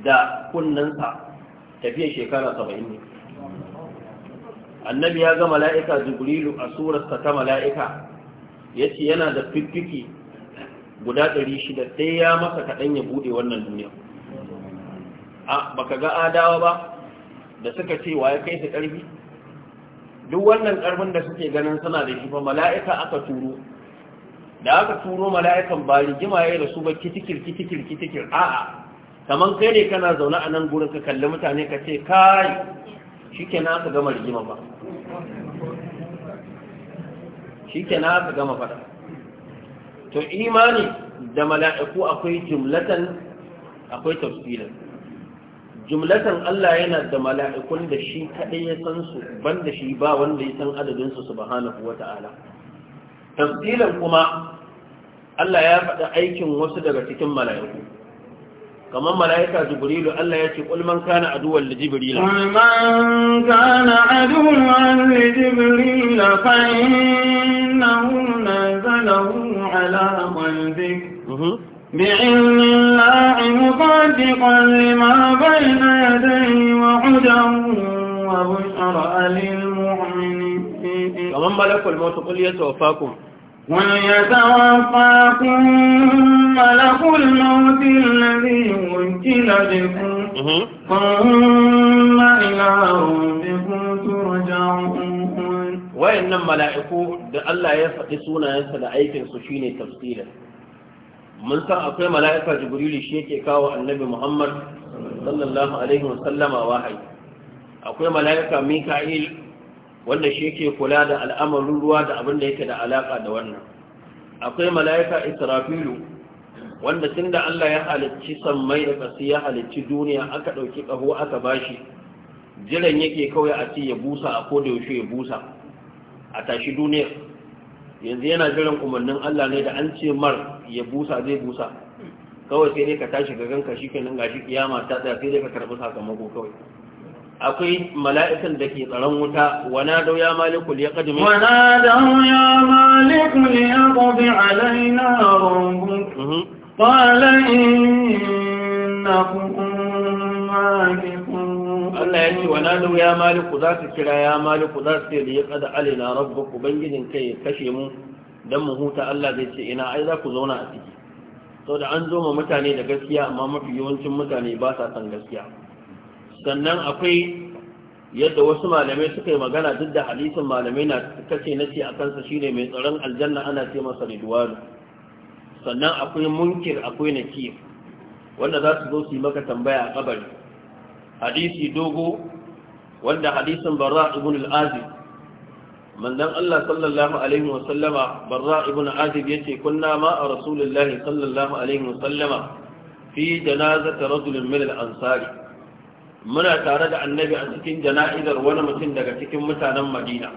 da kunnansa tafiya shekara 70 annabi ya ga mala'ika jibrilu a surarsa ta mala'ika ya ce yana da fiffiki guda ɗari shida sai ya masa kaɗan ya buɗe wannan duniya a baka ga adawa ba da suka ce wa ya kai su ƙarfi duk wannan ƙarfin da suke ganin suna da shi ba mala'ika aka turo da aka turo mala'ikan ba rigima ya yi da su ba kitikir kitikir kitikir a'a kamar kai ne kana zaune a nan gurin ka kalli mutane ka ce kai shi ke na aka gama rigima ba shi ke na aka gama fada to imani da mala'iku akwai jumlatan akwai tafsirin jumlatan Allah yana da mala'ikun da shi kaɗai ya san su ban da shi ba wanda ya san adadinsu su bahanahu wa ta'ala tafsirin kuma Allah ya faɗi aikin wasu daga cikin mala'iku kamar mala'ika jibril Allah ya kul man kana aduwan jibril jibrila ulman kana aduwan da jibrila fa'innahu na zalahu ala qalbik بعلم الله مصدقا لما بين يديه وهدى وبشرى للمؤمنين كمان ملك الموت قل يتوفاكم ويتوفاكم ملك الموت الذي وكل بكم ثم إلى ربكم ترجعون وإن ملائكو ده الله يفقه سونا ينسى لأيكن سوشيني تفصيلا من سأ أقوى ملائكة جبريل شيكي كاو النبي محمد صلى الله عليه وسلم واحد أقوى ملائكة ميكائيل wanda shi yake kula da al'amarin ruwa da abin da yake da alaka da wannan akwai mala'ika israfilu wanda tun da Allah ya halicci sammai da kasi ya halicci duniya aka ɗauki ƙaho aka bashi jiran yake kawai a ce ya busa a koda yaushe ya busa a tashi duniya yanzu yana jiran umarnin Allah ne da an ce mar ya busa zai busa kawai sai dai ka tashi ga ganka shi kenan gashi kiyama ta tsaya sai dai ka karɓi sakamako kawai akwai mala'ikan da ke tsaron wuta wana da ya maliku ya kadimi wana dau ya maliku ya qadi alaina rabbuk mhm. qala innakum malikun Allah ya ce wana dau ya maliku za su kira ya maliku za su ce ya qadi alaina rabbuk ubangijin kai kashe mu don mu huta Allah zai ce ina ai za ku zauna a ciki Sau da an zo ma mutane da gaskiya amma mafi yawancin mutane ba sa san gaskiya sannan akwai yadda wasu malamai suka yi magana duk da hadisin malamai na kace na ce a kansa shine mai tsaron aljanna ana ce masa ridwanu sannan akwai munkir akwai nakir wanda za su zo su yi maka tambaya a kabari hadisi dogo wanda hadisin barra ibn al-azib Mandan Allah sallallahu alaihi wa sallama barra ibn azib yace kunna ma a rasulullahi sallallahu alaihi wa sallama fi janazati rajulin min al-ansari muna tare da annabi a cikin jana'izar wani mutum daga cikin mutanen madina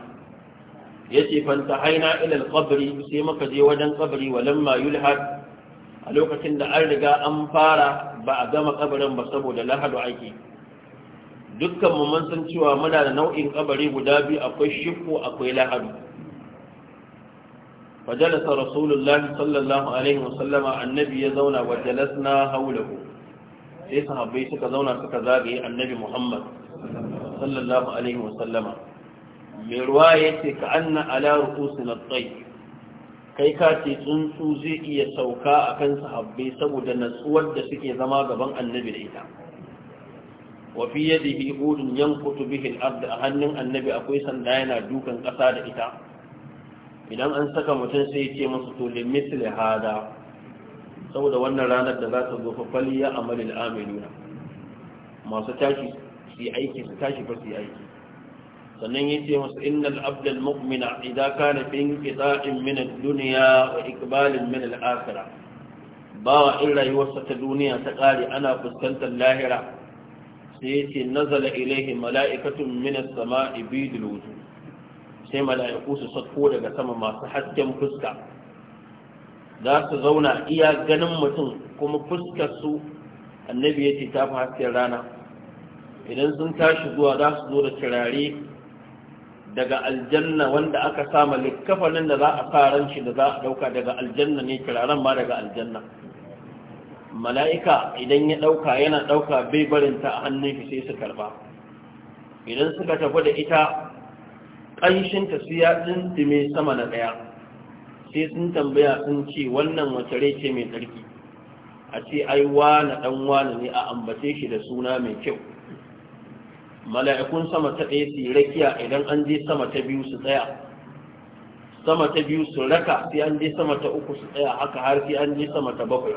ya ce fanta haina ilal kabari sai muka je wajen kabari walamma yulhad a lokacin da an riga an fara ba a gama kabarin ba saboda lahadu ake dukkan mu mun san cewa muna da nau'in kabari guda biyu akwai shifko akwai lahadu fajalasa rasulullahi sallallahu alaihi wasallama annabi ya zauna wa jalasna haulahu sai sahabbai suka zauna suka zagaye annabi Muhammad sallallahu alaihi wasallama mai ruwa ya ce ka anna ala na tsayi kai ka ce tsuntsu zai iya sauka a kan sahabbai saboda natsuwar da suke zama gaban annabi da ita wafi yadda hudun yankutu bihin abda a hannun annabi akwai sanda yana dukan ƙasa da ita idan an saka mutum sai ce masu to limitli hada saboda wannan ranar da za ta zo fa fali ya amalil amiluna masu tashi su yi aiki su tashi fa su yi aiki sannan ya ce masu innal abdal mu'mina idan kana fi inqita'in min ad-dunya wa iqbalin min al-akhirah bawa in rayuwarsa ta duniya ta kare ana fuskantar lahira sai ya ce nazala ilaihi mala'ikatun min as-sama'i bidul wujuh sai mala'iku su sako daga sama masu hasken fuska za su zauna iya ganin mutum kuma fuskar su annabi ya ce ta fi hasken rana idan sun tashi zuwa za su zo da turare daga aljanna wanda aka sama likkafanin da za a sa shi da za a dauka daga aljanna ne turaren ma daga aljanna mala'ika idan ya dauka yana dauka bai barinta a hannun shi sai su karba idan suka tafi da ita ƙanshinta su ya tsintime sama na ɗaya sai sun tambaya sun ce wannan wace rai ce mai tsarki a ce ai wane dan wani ne a ambace shi da suna mai kyau mala'ikun sama ta ɗaya su rakiya idan an je sama ta biyu su tsaya sama ta biyu su raka sai an je sama ta uku su tsaya haka har sai an je sama ta bakwai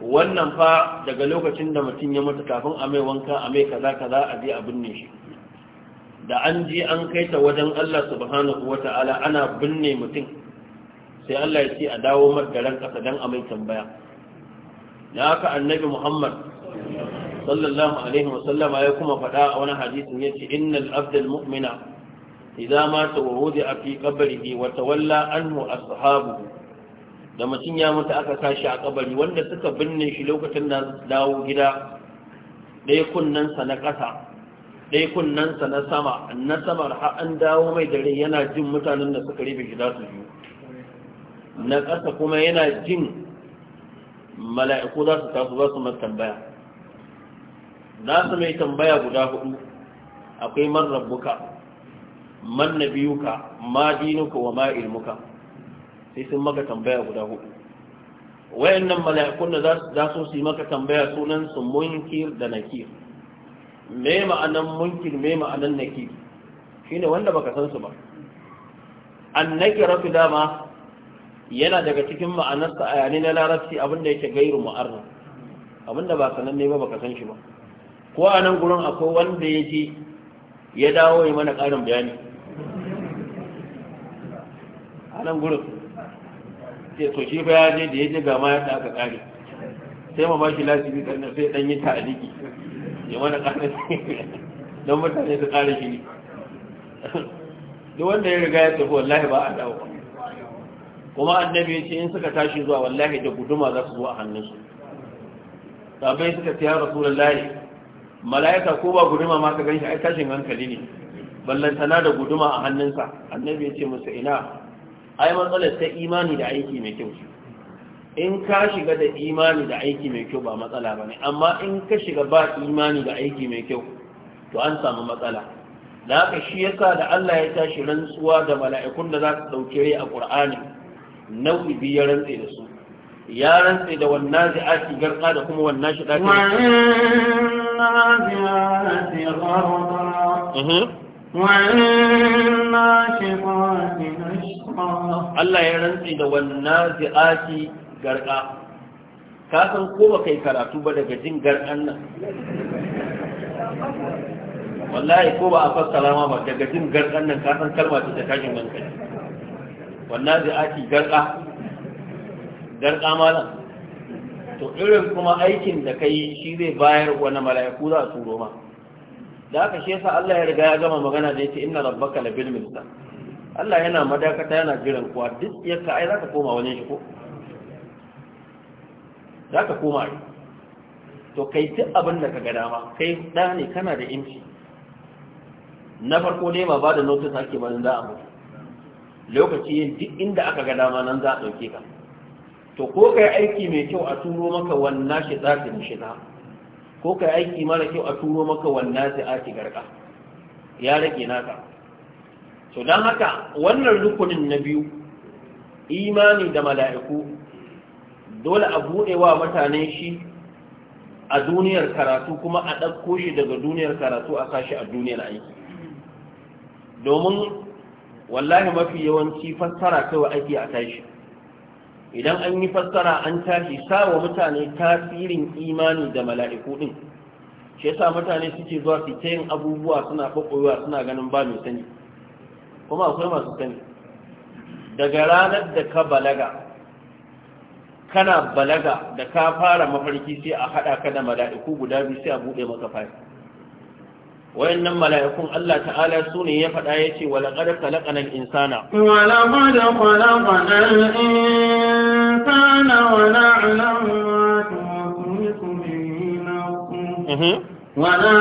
wannan fa daga lokacin da mutum ya mutu kafin a mai wanka a mai kaza kaza a je a binne shi da an je an kai ta wajen Allah subhanahu wata'ala ana binne mutum sai Allah ya ce a dawo margaran ƙasa don a mai tambaya da haka annabi Muhammad sallallahu alaihi wasallama ya kuma faɗa a wani hadisin ya ce Inna abdul mu'mina idza mata wa a fi qabrihi wa tawalla anhu ashabuhu da mutum ya mutu aka kashi a kabari wanda suka binne shi lokacin da dawo gida ɗaya kunnensa na ƙasa ɗaya kunnensa na sama na samar har an dawo mai dare yana jin mutanen da suka rufe shi za su biyu na ƙasa kuma yana jin mala'iku za su taso za su tambaya za su mai tambaya guda hudu akwai man rabbuka man na nabiyuka ma dinuka wa ma ilmuka sai sun maka tambaya guda hudu wayannan mala'ikun da za su yi maka tambaya sunan su munkir da nakir me ma'anan munkir me ma'anan nakir ne wanda baka san su ba An nake rafi dama yana daga cikin ma'anar sa ayani na larabci abinda yake gairu mu'arraf abinda ba sananne ba baka san shi ba ko a nan gurin akwai wanda ya je ya dawo ya mana ƙarin bayani a nan gurin sai to shi fa ya je da ya je ga ma yadda aka ƙare sai ma ba shi lasibi kan sai dan yi ta'aliki ya mana ƙarin don mutane su kare shi ne duk wanda ya riga ya tafi wallahi ba a dawo ba kuma annabi ya ce in suka tashi zuwa wallahi da guduma za su zo a hannunsu sabai suka ce rasulullahi mala'ika ko ba guduma ma ka ganshi ai tashin hankali ne ballantana da guduma a hannunsa annabi ya ce musu ina ai matsalar ta imani da aiki mai kyau in ka shiga da imani da aiki mai kyau ba matsala ba ne amma in ka shiga ba imani da aiki mai kyau to an samu matsala da haka shi yasa da Allah ya tashi rantsuwa da mala'ikun da za su ɗauke a ƙur'ani nau'i biyu ya rantse da su ya rantse da wannan zai garka da kuma wannan shi ɗaki mhm. Allah ya rantse da wannan zai garka ka san ko ba kai karatu ba daga jin garkan nan wallahi ko ba a fassara ma ba daga jin garkan nan ka san kalma ta tashin hankali wannan da ake garka garka malam to irin kuma aikin da ka yi shi zai bayar wani mala'iku za a roma da aka shi yasa Allah ya riga ya gama magana da yace inna rabbaka labil mirsad Allah yana madakata yana jiran kuwa duk yaka ai zaka koma wajen shi ko zaka koma ai to kai duk abin da ka ga dama kai da ne kana da inci na farko ne ba ba da notice ake ba da za a mutu lokaci yin duk inda aka ga dama nan za a ɗauke ka to ko kai aiki mai kyau a turo maka wannan shi yi shi na ko kai aiki mara kyau a turo maka wannan shi ake garka ya rage naka to don haka wannan rukunin na biyu imani da mala'iku dole a buɗe wa mutane shi a duniyar karatu kuma a ɗauko shi daga duniyar karatu a sashi a duniyar aiki domin wallahi mafi yawanci fassara kawai ake a tashi idan an yi fassara an tashi sawa mutane tasirin imani da mala'iku din shi yasa mutane suke zuwa su ta yin abubuwa suna bakwaiwa suna ganin ba mai sani kuma akwai masu sani daga ranar da ka balaga kana balaga da ka fara mafarki sai a haɗa ka da mala'iku guda biyu sai a buɗe maka fari wayannan mala'ikun Allah ta'ala su ne ya faɗa ya ce walaƙar kalaƙanan insana walaƙar kalaƙanan insana mhm. wala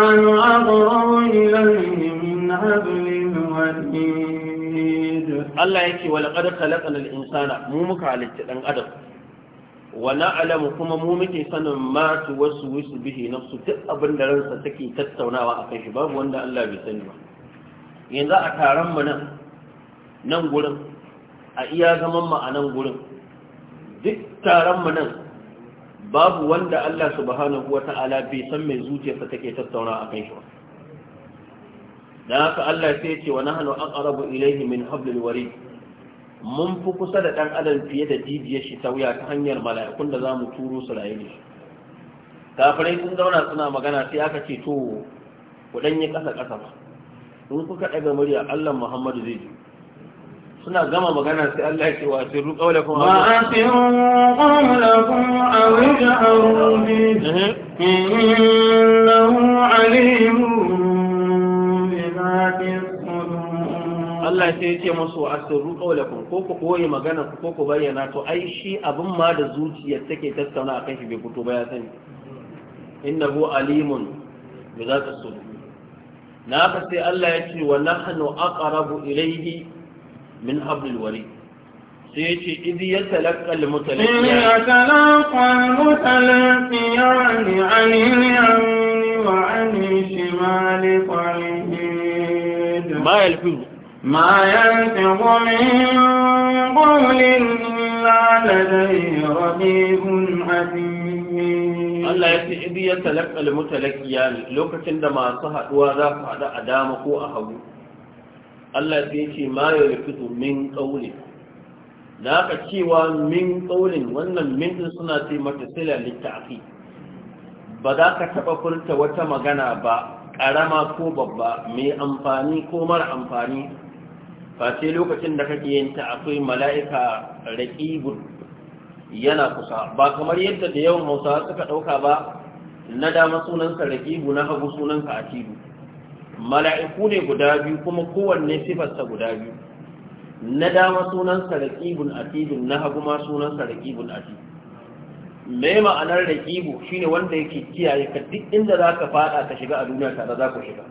Allah ya ce walaƙar kalaƙanan insana mu muka halitta ɗan adam Wani na'lamu kuma mu muke sanin ma tu waswisu bihi nafsu duk abin da ransa take tattaunawa a kan shi babu wanda Allah bai sani ba yanzu a taron mu nan nan gurin a iya zaman mu a nan gurin duk taron mu nan babu wanda Allah subhanahu wata'ala bai san mai zuciyarsa take tattaunawa a kan shi ba dan haka Allah sai ya ce wa nahnu aqrabu ilayhi min hablil warid mun fi kusa da ɗan adam fiye da jijiyar shi ta wuya ta hanyar mala'ikun da za mu turo su rayu ne kafirai sun zauna suna magana sai aka ce to ku ɗanye ƙasa ƙasa ba in kuka ɗaga murya allah muhammadu zai suna gama magana sai allah ya ce wa asiru ƙaula kuma ba asiru kuma a a alimu Allah sai ya ce musu asirru qawlakum ko ku koyi magana ku ko ku bayyana to ai shi abin ma da zuciyar take tattauna akan shi bai fito ba ya sani innahu alimun bi zati sudur na ba sai Allah ya ce wa nahnu aqrabu ilayhi min hablil warid sai ya ce idi ya al almutalaqiya ya talaka almutalaqiya ani ani ani wa ani shimali qarin ma yalfizu ما يلفظ من قول إلا لديه رقيب حكيم Allah ya ce idi ya talakal mutalakiya ne lokacin da masu haɗuwa za ku haɗu a dama ko a hagu Allah ya ce ma ya fito min ƙaunin. Na aka cewa min ƙaunin wannan min suna ce mata sila littafi ba za ka taɓa furta wata magana ba ƙarama ko babba mai amfani ko mara amfani face lokacin da kake yin ta akwai mala'ika raqibun yana kusa ba kamar yadda da yawan hausa suka dauka ba na dama sunansa raqibu na hagu sunansa atibu mala'iku ne guda biyu kuma kowanne sifarsa guda biyu na dama sunansa raqibun atibun na hagu ma sunansa raqibun atibun Mai ma'anar raqibu shine wanda yake kiyaye ka duk inda zaka fada ka shiga a duniya tare za ku shiga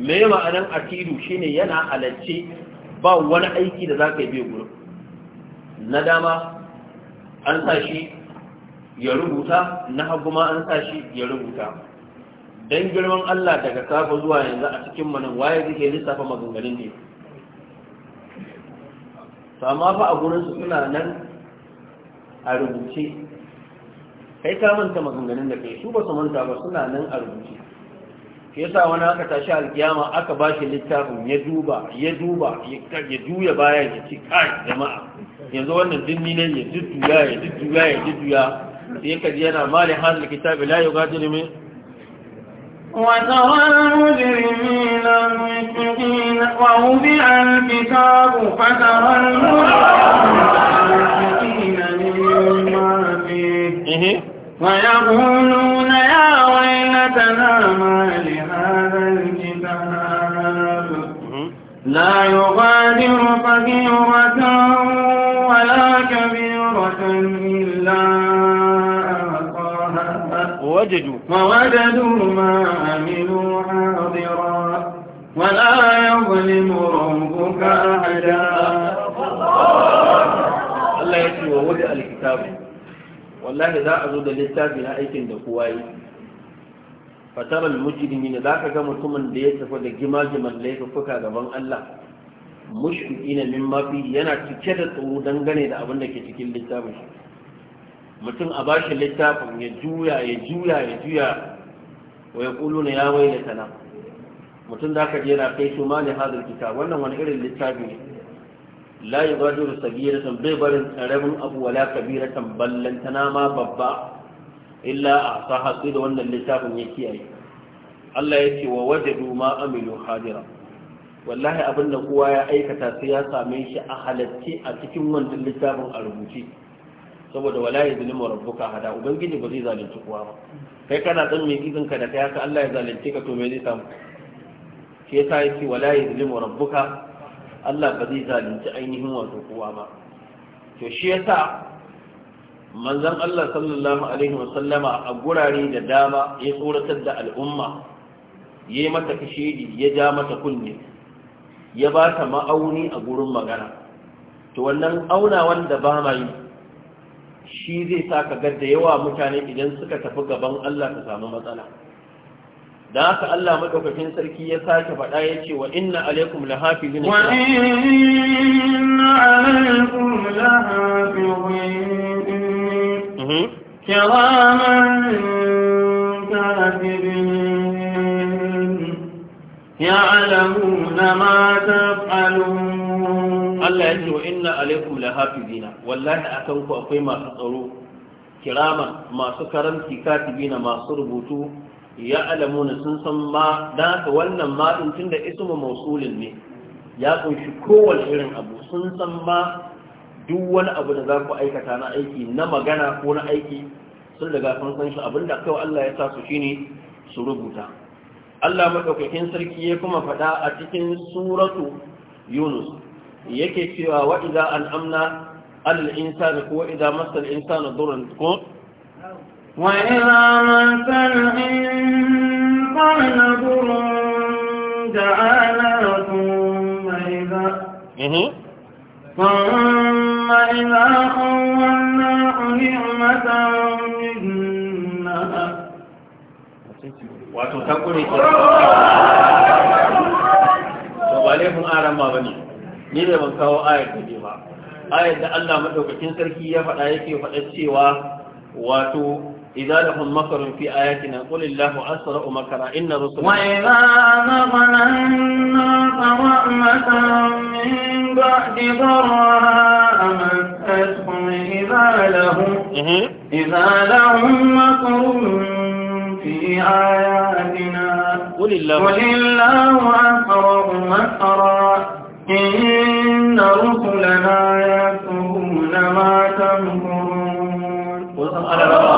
me ma'anan akidu shine yana halarci ba wani aiki da za ka yi biyu na dama an sa shi ya rubuta na hagu ma an sa shi ya rubuta don girman Allah daga kafa zuwa yanzu a cikin manan waye zai lissafa maganganun ne Sama fa a gurinsu suna nan a rubuce kai ka manta maganganun da kai su ba su manta ba suna nan a rubuce ya sa wani aka tashi alkiyama aka ba shi littafin ya duba ya duba ya juya baya ya ci kai jama'a yanzu wannan dinni ne ya jujjuya ya jujjuya ya jujjuya sai ka ji yana mali hadal kitabi la yughadiru min وترى المجرمين مشفقين ووضع الكتاب فترى المجرمين مما فيه ويقولون يا ويلتنا ما لي لا يغادر صغيرة ولا كبيرة إلا أخاها ووجدوا ووجدوا ما عملوا حاضرا ولا يظلم ربك أحدا الله يسوى وجه الكتاب والله ذا أزود الكتاب لأيك دقوائي fataral mujrimin da ka ga mutumin da ya tafi da gimajiman laifuka gaban Allah mushfiqina mimma fi yana cike da tsoro dangane da abin da ke cikin littafin shi mutum a bashi littafin ya juya ya juya ya juya wa ya kulu na ya waila sana mutum da aka jera kai su mali hadar kitab wannan wani irin littafi ne la yubadiru sabiratan bai barin karamin abu wala kabiratan ballantana ma babba illa a saha sai da wannan littafin ya kiyaye Allah ya ce wa wajadu ma amilu hadira wallahi abinda da kowa ya aikata sai ya same shi a halacce a cikin wannan littafin a rubuce saboda wala ya zulmu rabbuka hada ubangiji ba zai zalunci kowa ba kai kana dan mai izin ka da kai haka Allah ya zalunce ka to me zai samu shi yasa yake wala ya zulmu rabbuka Allah ba zai zalunci ainihin wato kowa ba to shi yasa manzon Allah sallallahu alaihi wasallama a gurare da dama ya tsoratar da al'umma ya yi mata kashedi ya ja mata kunne ya ba ta ma'auni a gurin magana to wannan auna wanda ba ma yi shi zai sa ka ga da yawa mutane idan suka tafi gaban Allah ka samu matsala da haka Allah madaukakin sarki ya sake faɗa ya ce wa inna alaikum la hafizin wa inna alaikum la hafizin Kiramar ya ce wa alaikum laha tubina, wallata akan ku akwai tsaro. Kiraman, masu karanti katibi na masu rubutu, ya alamu ni sun san ma. Nasiru, wannan matun tun da isuma mausulin ne, ya ƙunshi kowanne irin abu. Sun san ma. duk wani abu da za ku aikata na aiki na magana ko na aiki sun daga sun san shi abinda kawai Allah ya sa su shine su rubuta Allah madaukakin sarki ya kuma faɗa a cikin suratu Yunus yake cewa wa idza an'amna al insani ko idza masal insana durran ko wa idza masal insana durrun da'ana thumma idza mhm. ثم إذا خولناه نعمة منا وتتقني وعليهم أعلم ما بني ni da ban kawo ayar da ba ayar da Allah maɗaukakin sarki ya faɗa yake faɗacewa wato إذا لهم مكر في آياتنا قل الله أسرع مكرا إن رسلنا وإذا الناس فرحمة من بعد ضراء مستهم إذا لهم إذا لهم مكر في آياتنا قل الله قل الله أسرع مكرا إن رسلنا يكفرون ما تمكرون ana rama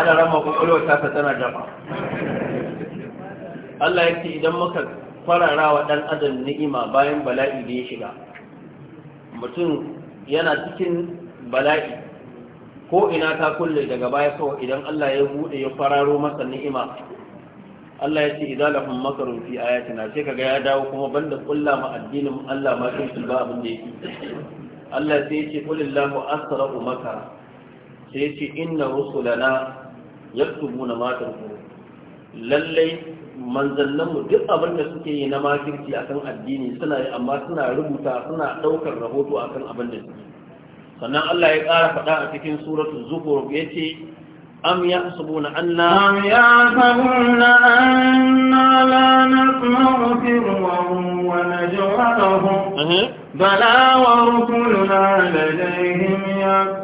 ana rama kwakwalwar ta tana dafa Allah ya ce idan muka farara wa ɗan adam ni'ima bayan bala'i da ya shiga mutum yana cikin bala'i ko ina ta kulle daga baya kawai idan Allah ya buɗe ya fararo masa ni'ima Allah ya ce idza lahum makarun fi ayatina sai kaga ya dawo kuma banda kulla ma addinin Allah ma sai ba abin da yake Allah sai ya ce qulillahu asra'u makara sai yace inna rusulana yaktubuna ma tarku Lallai, manzanninmu duk abin da suke yi na makirci akan addini suna yi amma suna rubuta suna ɗaukar rahoto akan abin da suke sannan Allah ya ƙara faɗa a cikin suratu ya ya ce am Am zukhruf yace أم يحسبون أن أم يحسبون أننا لا نسمع سرهم ونجوالهم بلى da لديهم يكتبون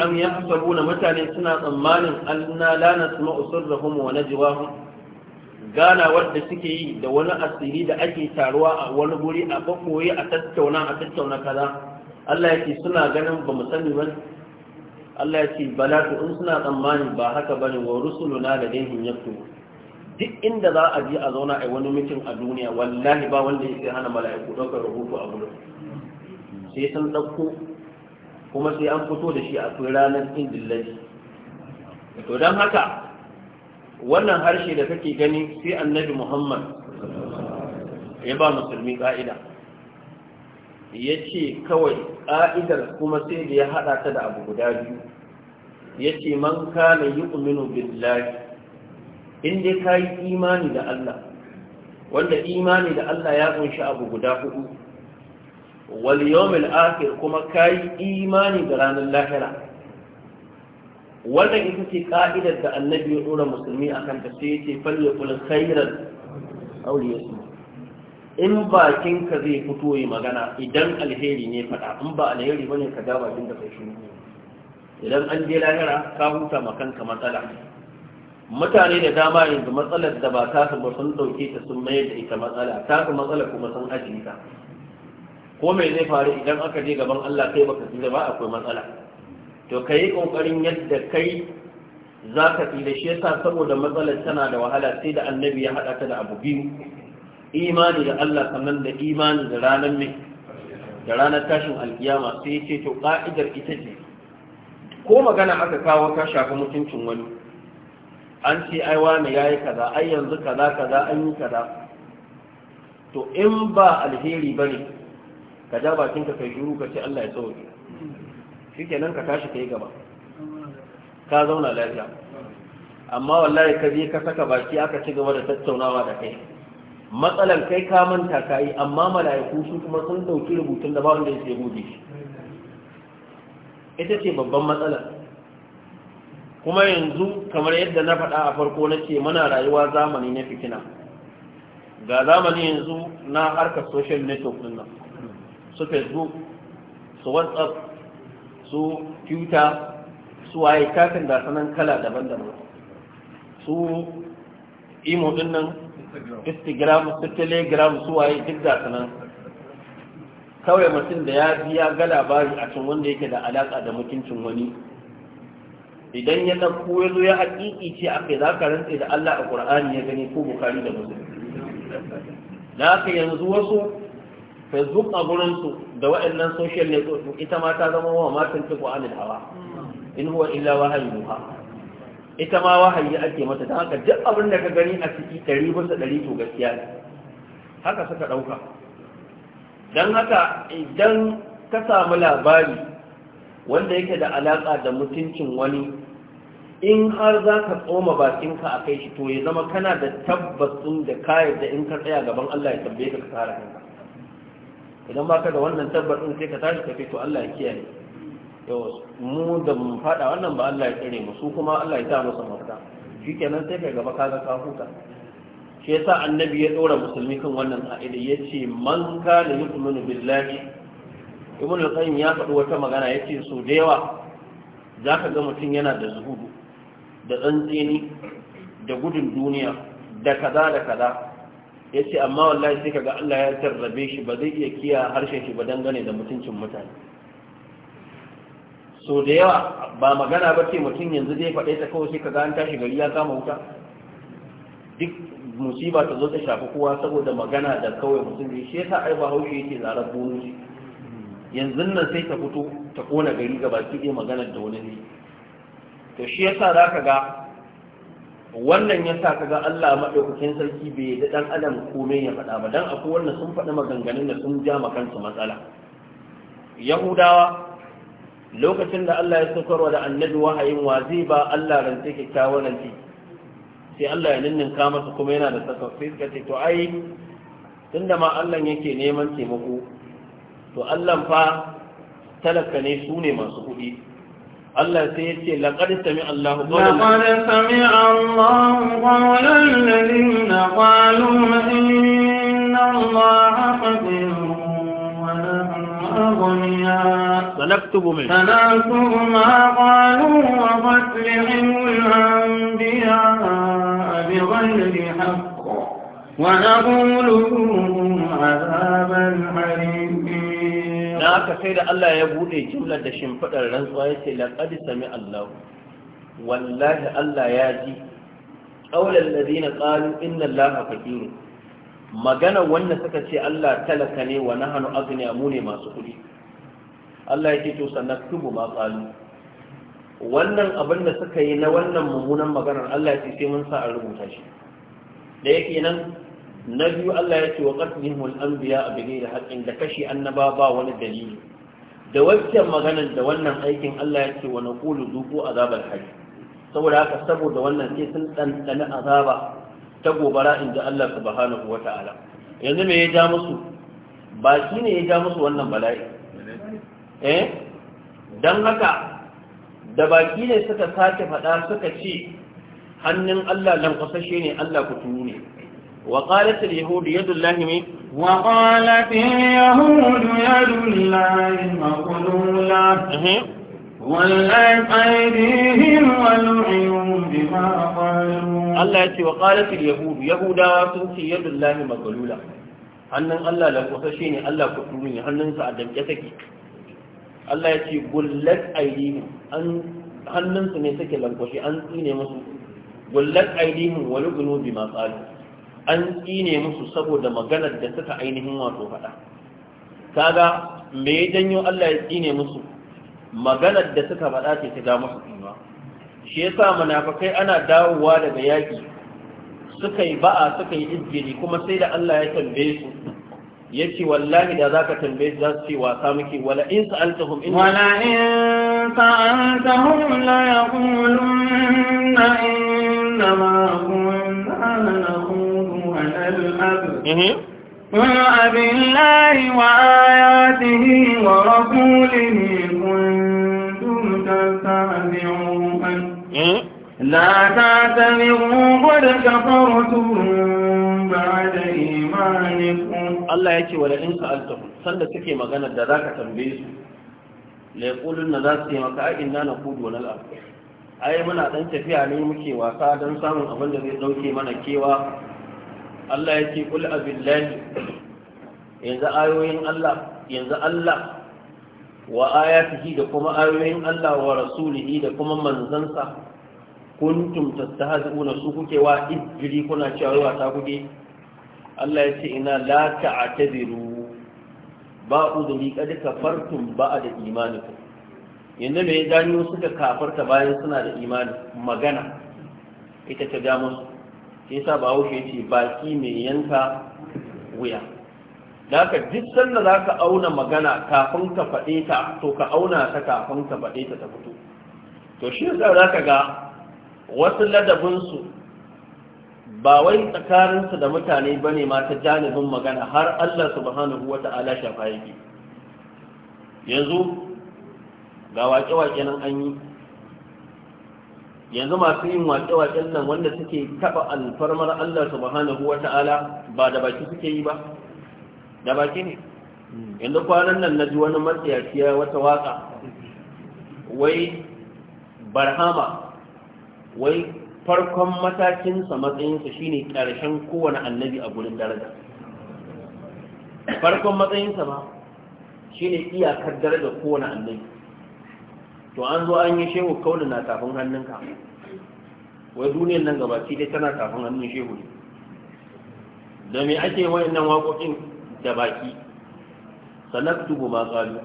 am yahsabuna mutane suna tsammanin anna la nasma'u sirrahum wa najwahum gana wadda suke yi da wani asiri da ake taruwa a wani guri a bakoye a tattauna a tattauna kaza Allah yake suna ganin ba mu sani ba Allah yake bala to in suna tsammani ba haka bane wa rusuluna da dahin yaktu duk inda za a je a zauna a wani mutum a duniya wallahi ba wanda yake hana mala'iku daukar rubutu a gurin sai sun dauko kuma sai an fito da shi a ranar indillaji to don haka wannan harshe da kake gani sai annabi muhammad ya ba musulmi ƙa'ida ya ce kawai ƙa'idar kuma sai da ya haɗa ta da abu guda biyu ya ce man kane yi uminu billahi inda ka yi imani da allah wanda imani da allah ya ƙunshi abu guda hudu wal yawmil akhir kuma kayi imani da ranar lahira wannan ita ce ka'idar da annabi ya dora musulmi akan ta sai yace falyakul khairan aw liyasmut in bakinka zai fito yi magana idan alheri ne faɗa in ba alheri bane ka ga bakin da kai shiru idan an je lahira ka huta ma kanka matsala mutane da dama yanzu matsalar da ba ta ba sun ɗauke ta sun mayar da ita matsala ta matsala kuma sun ajiye ta ko mai zai faru idan aka je gaban Allah kai baka tsira ba akwai matsala to ka yi ƙoƙarin yadda kai za ka tsira shi yasa saboda matsalar tana da wahala sai da annabi ya haɗa ta da abu biyu imani da Allah sannan da imani da ranar mai da ranar tashin alkiyama sai ce to ka'idar ita ce ko magana aka kawo ka shafi mutuncin wani an ce ai wani yayi kaza ai yanzu kaza kaza an yi kaza to in ba alheri bane ka ja bakin ka kai juru ka ce Allah ya sauke shikenan ka tashi kai gaba ka zauna lafiya amma wallahi ka je ka saka baki aka ci gaba da tattaunawa da kai matsalar kai ka manta ka amma mala'iku su kuma sun dauki rubutun da ba wanda yake gobe ita ce babban matsalar kuma yanzu kamar yadda na faɗa a farko na ce muna rayuwa zamani na fitina ga zamani yanzu na harkar social network din nan su facebook su whatsapp su twitter su waye katin gasanan kala daban-daban su imo dinnan instagram su telegram su waye duk gasanan kawai mutum da ya biya ga labari a cin wanda yake da alaƙa da mutuncin wani idan ya ɗauko ya zo ya haƙiƙi ce a kai za ka rantse da Allah a ƙur'ani ya gani ko Bukhari da Muslim. da haka yanzu wasu facebook a gurinsu da waɗannan social network ita ma ta zama wa matan tuku anil hawa in huwa illa wahayi duha ita ma wahayi ake mata ta haka duk abin da ka gani a ciki ɗari bisa ɗari to gaskiya ne haka suka ɗauka don haka idan ka samu labari wanda yake da alaƙa da mutuncin wani in har za ka tsoma bakinka a kai shi to ya zama kana da tabbacin da ka yarda in ka tsaya gaban Allah ya tambaye ka ka kare kanka idan ba ka da wannan tabbatin sai ka tashi ka to Allah ya kiyaye mu da mun faɗa wannan ba Allah ya tsare mu su kuma Allah ya sa musu mafita shi kenan sai kai gaba ka huta shi yasa annabi ya dora musulmi kan wannan Ya yace man kana yu'minu billahi ibnu qayyim ya faɗi wata magana Ya ce so da yawa zaka ga mutum yana da zuhudu da tsantseni da gudun duniya da kaza da kaza ya ce amma wallahi sai kaga Allah ya tarrabe shi ba zai iya kiya harshen shi ba dangane da mutuncin mutane so da yawa ba magana ba ce mutum yanzu zai faɗe ta kawai sai kaga an tashi gari ya kama wuta duk musiba ta zo ta shafi kowa saboda magana da kawai mutum zai shi yasa ai ba haushi yake zarar shi yanzu nan sai ta fito ta kona gari gaba ki magana da wani ne to shi yasa ka ga wannan ya sa kaga Allah maɗaukakin sarki bai da ɗan adam komai ya faɗa ba dan akwai wannan sun faɗi maganganun da sun ja kansu matsala yahudawa lokacin da Allah ya saukarwa da annabi wahayin zai ba Allah rance kyakkyawan rance sai Allah ya ninninka masa kuma yana da saka sai suka ce to ai tunda ma Allah yake neman taimako to Allah fa talaka ne su ne masu kuɗi الله سيأتي لقد سمع الله قولا لقد سمع الله قولا الذين قالوا إن الله ولهم اغنياء سنكتب سنكتب ما قالوا وقتلهم الأنبياء بغير حق ونقول لهم عذابا عليما na aka sai da Allah ya buɗe jimlar da shimfiɗar rantsuwa ya ce laƙadi sami Allah wallahi Allah ya ji ƙaular zina ƙalu inna Allah fakiru magana wanda suka ce Allah talaka ne wa nahanu agniya mu ne masu kuɗi Allah ya ce to sanaktubu ma ƙalu wannan abin da suka yi na wannan mummunan maganar Allah ya ce sai mun sa a rubuta shi da yake nan na biyu Allah ya ce wa qatlihimul anbiya bi ghairi haqqin da kashe annaba ba wani dalili da waccan maganar da wannan aikin Allah ya ce wa na naqulu duqu azabal hayy saboda haka saboda wannan sai sun ɗanɗani azaba ta gobara inda Allah subhanahu wata'ala yanzu me ya ja musu ba shi ne ya ja musu wannan bala'i eh dan haka da baki ne suka sake faɗa suka ce hannun Allah lankwasashe ne Allah kuturu ne وقالت اليهود يد الله من وقالت اليهود يد الله مغلولة والأيد بما قالوا الله يتي وقالت اليهود يهودا سنتي يد الله مغلولة hannun Allah lankwasashe ne Allah kuturu ne hannunsa a damke take Allah ya ce gullat aidihim hannunsu ne suke lankwashe an tsine musu gullat aidihim wani gunubi an tsine musu saboda maganar da suka ainihin wato faɗa kaga me ya janyo Allah ya tsine musu maganar da suka faɗa ce ta ga musu tsima shi yasa munafikai ana dawowa daga yaƙi suka yi ba'a suka yi izgiri kuma sai da Allah ya tambaye su yace wallahi da zaka tambaye su za su ce wasa muke wala in sa'altahum in wala in sa'altahum la yaqulunna inna ma kunna naqul Mama Abdullahi wa wa rasulila, na tuntun Allah ya ce Wani in ka addabu. Sanda suke magana da zaka ka su. Lai ƙolin na za su iya maka aƙin Nana Kudu wani al'adu. A muna son tafiya ne muke wasa don samun abin da zai ɗauke mana kewa. Allah ya ce kul abillahi yanzu ayoyin Allah yanzu Allah wa ayatihi da kuma ayoyin Allah wa rasulihi da kuma manzansa kuntum tattahazuna su kuke wa izjiri kuna cewa ta kuke Allah ya ce ina la ta'tadiru ba udri kad kafartum da imanikum yanzu me ya janyo suka kafarta bayan suna da imani magana ita ta ga shi sa ba haushe ce baki mai yanka wuya da ka duk sanda za ka auna magana kafin ka faɗe ta to ka auna ta kafin ka faɗe ta ta fito to shi sa za ka ga wasu ladabinsu ba wai tsakaninsu da mutane ba ne ma ta janibin magana har Allah subhanahu wa ta'ala shafa yake yanzu ga waƙe-waƙe nan an yi yanzu masu yin waƙe-waƙen nan wanda suke taɓa alfarmar Allah subhanahu wa ta'ala ba da baki suke yi ba da baki ne yanzu kwanan nan na ji wani matsayaciya wata waƙa wai barhama wai farkon matakinsa matsayinsa shine ƙarshen kowane annabi a gurin daraja farkon matsayinsa ba shine iyakar daraja kowane annabi to an zo an yi shehu kauna na tafin hannunka wai duniyar nan gabaki dai tana tafin hannun shehu ne da me ake wayannan waƙoƙin da baki sanaktubu ba qalu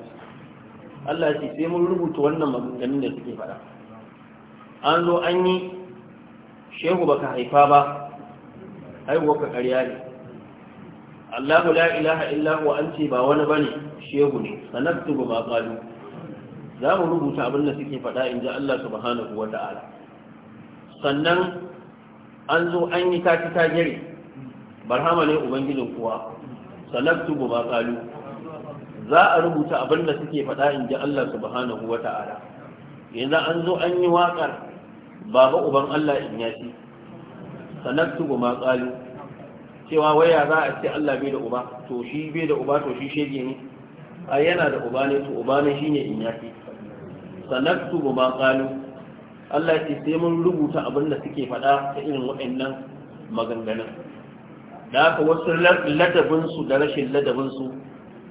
Allah ya sai mun rubuta wannan maganganun da suke faɗa an zo an yi shehu baka haifa ba haihuwar ka ƙarya ne Allahu la ilaha illahu! An ce ba wani ba ne, shehu ne sanaktubu ba qalu za mu rubuta abin da suke faɗa in ji Allah subhanahu wa ta'ala sannan an zo an yi tafi tagere barhama ne ubangijin kuwa sanabtu bu ma kalu za a rubuta abin da suke faɗa in ji Allah subhanahu wa ta'ala yanzu an zo an yi waƙar baba uban Allah in yashi sanabtu bu ma kalu cewa waya za a ce Allah bai da uba to shi bai da uba to shi shege ne a yana da ubane to ubane shine in yafi Sanatu ma qalu Allah ya sai mun rubuta abin da suke faɗa ta irin waɗannan maganganun da haka wasu ladabin su da rashin ladabin su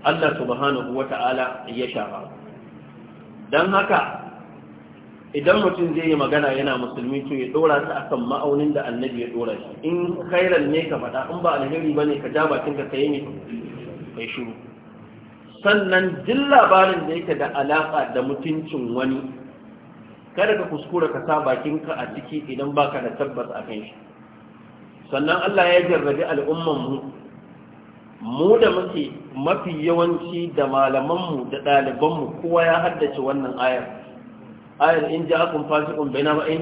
Allah subhanahu wata'ala ya shafa dan haka idan mutum zai yi magana yana musulmi to ya dora ta akan ma'aunin da annabi ya dora shi in khairan ne ka faɗa in ba alheri bane ka ja bakinka ka kai ne kai shiru sannan duk labarin da yake da alaƙa da mutuncin wani kada ka kuskura ka sa bakinka a ciki idan baka da tabbas a kan shi sannan Allah ya jarrabi al'umman mu da muke mafi yawanci da malamanmu da ɗalibanmu kowa ya haddace wannan ayar ayar in ji akun fasikun bai na ba'in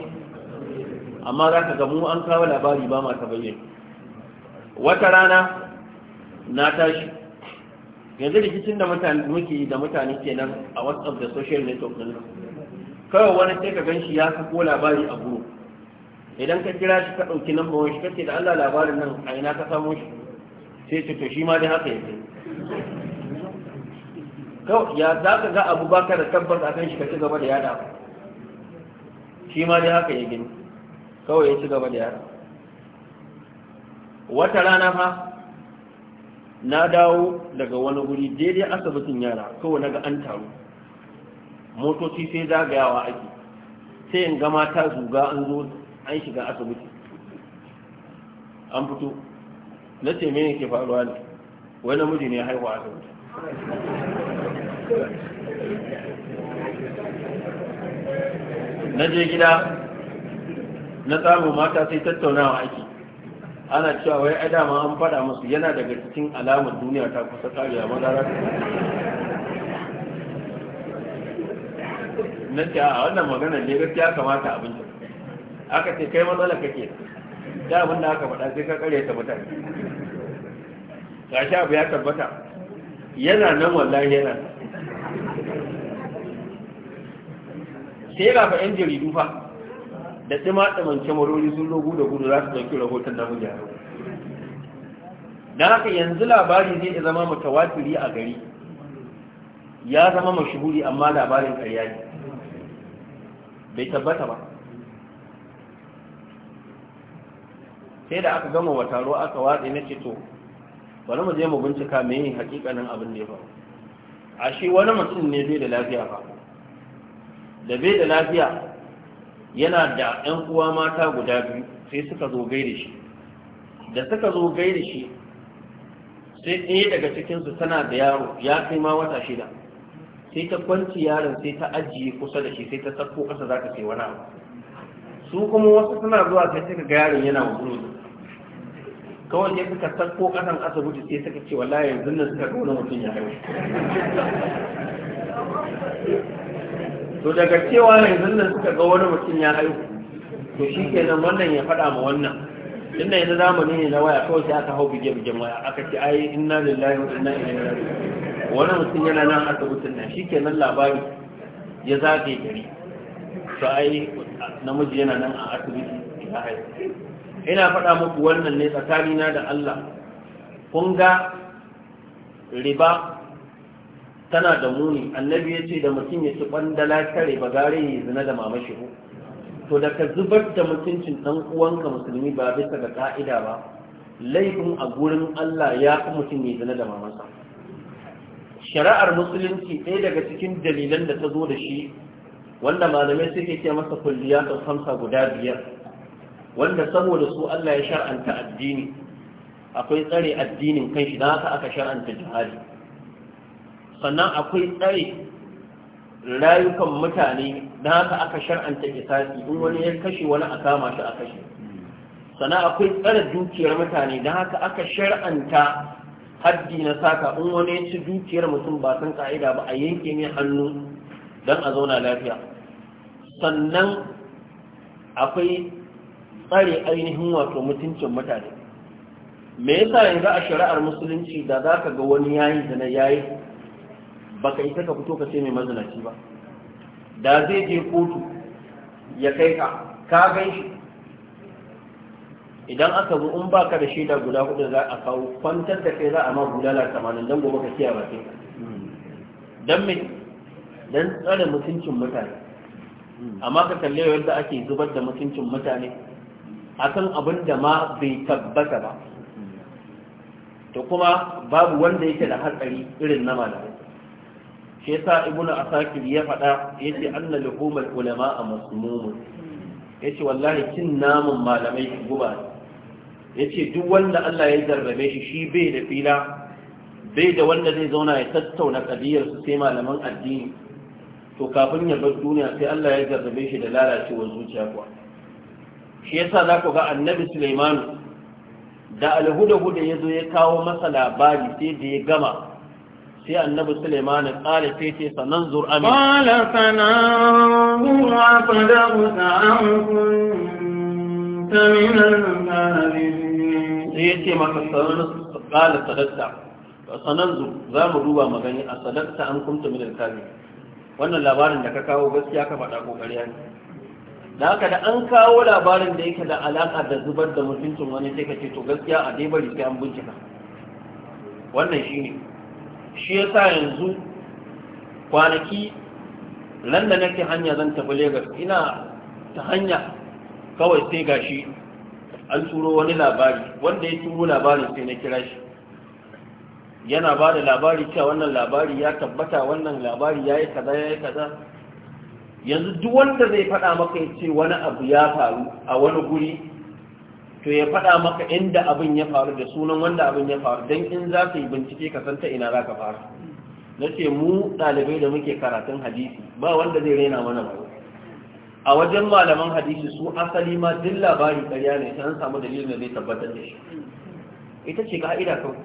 amma za ka gamu an kawo labari ba ma ta bayyana wata rana na tashi yanzu rikicin da mutane muke da mutane kenan a whatsapp da social network din kawai wani sai ka gan shi ya sako labari a guru idan ka kira shi ka ɗauki nan mawai shi kake da allah labarin nan a ina ka samo shi sai ce to shi ma dai haka yake kawai ya za ka ga abu baka da tabbas a kan shi ka ci gaba da yada shi ma dai haka ya gini, kawai ya ci gaba da yada wata rana fa na dawo daga wani guri daidai asibitin yara kawai ga an taru motoci sai zagayawa ake sai in gama ta zuga an zo an shiga asibiti an fito na ce mene ke faruwa ne wai namiji ne haihuwa asibiti na je gida na samu mata sai tattaunawa ake ana cewa wai a dama an faɗa musu yana daga cikin alamar duniya ta kusa karewa madara na ce a wannan magana ne gaskiya kamata abin aka ce kai matsala kake da abin da aka faɗa sai ka kare ta mutane shi abu ya tabbata yana nan wallahi yana sai ga fa'in yan jaridu fa da tsima tsaman marori sun rogu da gudu za su ɗauki rahoton na mujaya da haka yanzu labari zai zama mutawatiri a gari ya zama mashuhuri amma labarin ƙarya ne bai tabbata ba sai da aka gama wa taro aka watsi na ceto to bari mu je mu bincika me yin hakikanin abin da ya faru a shi wani mutum ne bai da lafiya ba da bai da lafiya yana da ‘yan uwa mata guda biyu sai suka zo gaida shi da suka zo gaida shi sai ɗaya daga cikinsu tana da yaro ya kai ma wata shida sai ta kwanci yaron sai ta ajiye kusa da shi sai ta sako ƙasa za ta sai wani abu su kuma wasu suna zuwa sai suka ga yaron yana wuzuru kawai sai suka sako ƙasan asibiti sai suka ce wallahi yanzu nan suka ga wani mutum ya haihu to daga cewa yanzu nan suka ga wani mutum ya haihu to shi kenan wannan ya faɗa ma wannan inda yanzu zamani ne na waya kawai sai aka hau bige-bigen waya aka ce ai inna lillahi wa inna ilaihi raji'un wani mutum yana nan asibitin nan shi nan labari ya zage gari to ai namiji yana nan a asibiti ya haihu ina faɗa muku wannan ne tsakanina da Allah kun ga riba tana da muni annabi ya ce da mutum ya ci ɓandala kare ba gare ya zina da mama shi to da ka zubar da mutuncin dan uwanka musulmi ba bisa ga ƙa'ida ba laifin a gurin Allah ya fi mutum ya zina da mamansa shari'ar musulunci ɗaya daga cikin dalilan da ta zo da shi wanda malamai suke ce masa kulliyatun fanka guda biyar wanda saboda su Allah ya shar'anta addini akwai tsare addinin kanshi don haka aka shar'anta jihadi sannan akwai tsare rayukan mutane da haka aka shar'anta kisasi in wani ya kashe wani a kama shi a kashe sannan akwai tsare dukiyar mutane da haka aka shar'anta haddi na saka in wani ya ci dukiyar mutum ba san ka'ida ba a yanke mai hannu don a zauna lafiya sannan akwai tsare ainihin wato mutuncin mutane me yasa yanzu a shari'ar musulunci da za ka ga wani yayi da na yayi baka ita ka fito ka ce mai mazinaci ba da zai je kotu ya kai ka ka gan shi idan aka zo in baka da shaida guda hudu za a kawo kwantar da kai za a ma bulala tamanin don gobe ka kiya ba sai don me don tsare mutuncin mutane amma ka kalle yadda ake zubar da mutuncin mutane akan abin da ma bai tabbata ba to kuma babu wanda yake da hatsari irin na malamai shi yasa ibnu asakir ya faɗa yace anna luhumul ulama a masmum yace wallahi cin namun malamai shi guba yace duk wanda Allah ya jarrabe shi shi bai da fila bai da wanda zai zauna ya tattauna kadiyar su sai malaman addini to kafin ya bar duniya sai Allah ya jarrabe shi da lalacewar zuciya kuwa shi yasa za ku ga annabi Suleimanu. da alhuda-huda ya zo ya kawo masa labari sai da ya gama sai annabi Suleiman kare sai ce sanan zur amin qala sanan wa qadaru ta'am kunta min al-kadhibin sai ce maka sanan qala sadaqta sanan zur za mu duba magani a sadaqta an kunta min al-kadhibin wannan labarin da ka kawo gaskiya ka faɗa kokari ne da haka da an kawo labarin da yake da alaƙa da zubar da mutuncin wani sai ka ce to gaskiya a dai bari sai an bincika wannan shi ne shi ya sa yanzu kwanaki nan da nake hanya zan tafi Legas ina ta hanya kawai sai gashi an turo wani labari wanda ya turo labarin sai na kira shi yana ba da labari cewa wannan labari ya tabbata wannan labari ya yi kaza ya yi kaza yanzu duk wanda zai faɗa maka ya ce wani abu ya faru a wani guri to ya faɗa maka inda abin ya faru da sunan wanda abin ya faru don in za su yi bincike ka san ta ina za ka faru? na ce mu ɗalibai da muke karatun hadisi ba wanda zai raina mana ba a wajen malaman hadisi su asali ma duk labari ƙarya ne sai an samu dalilin da zai tabbatar da shi ita ce ka'ida kan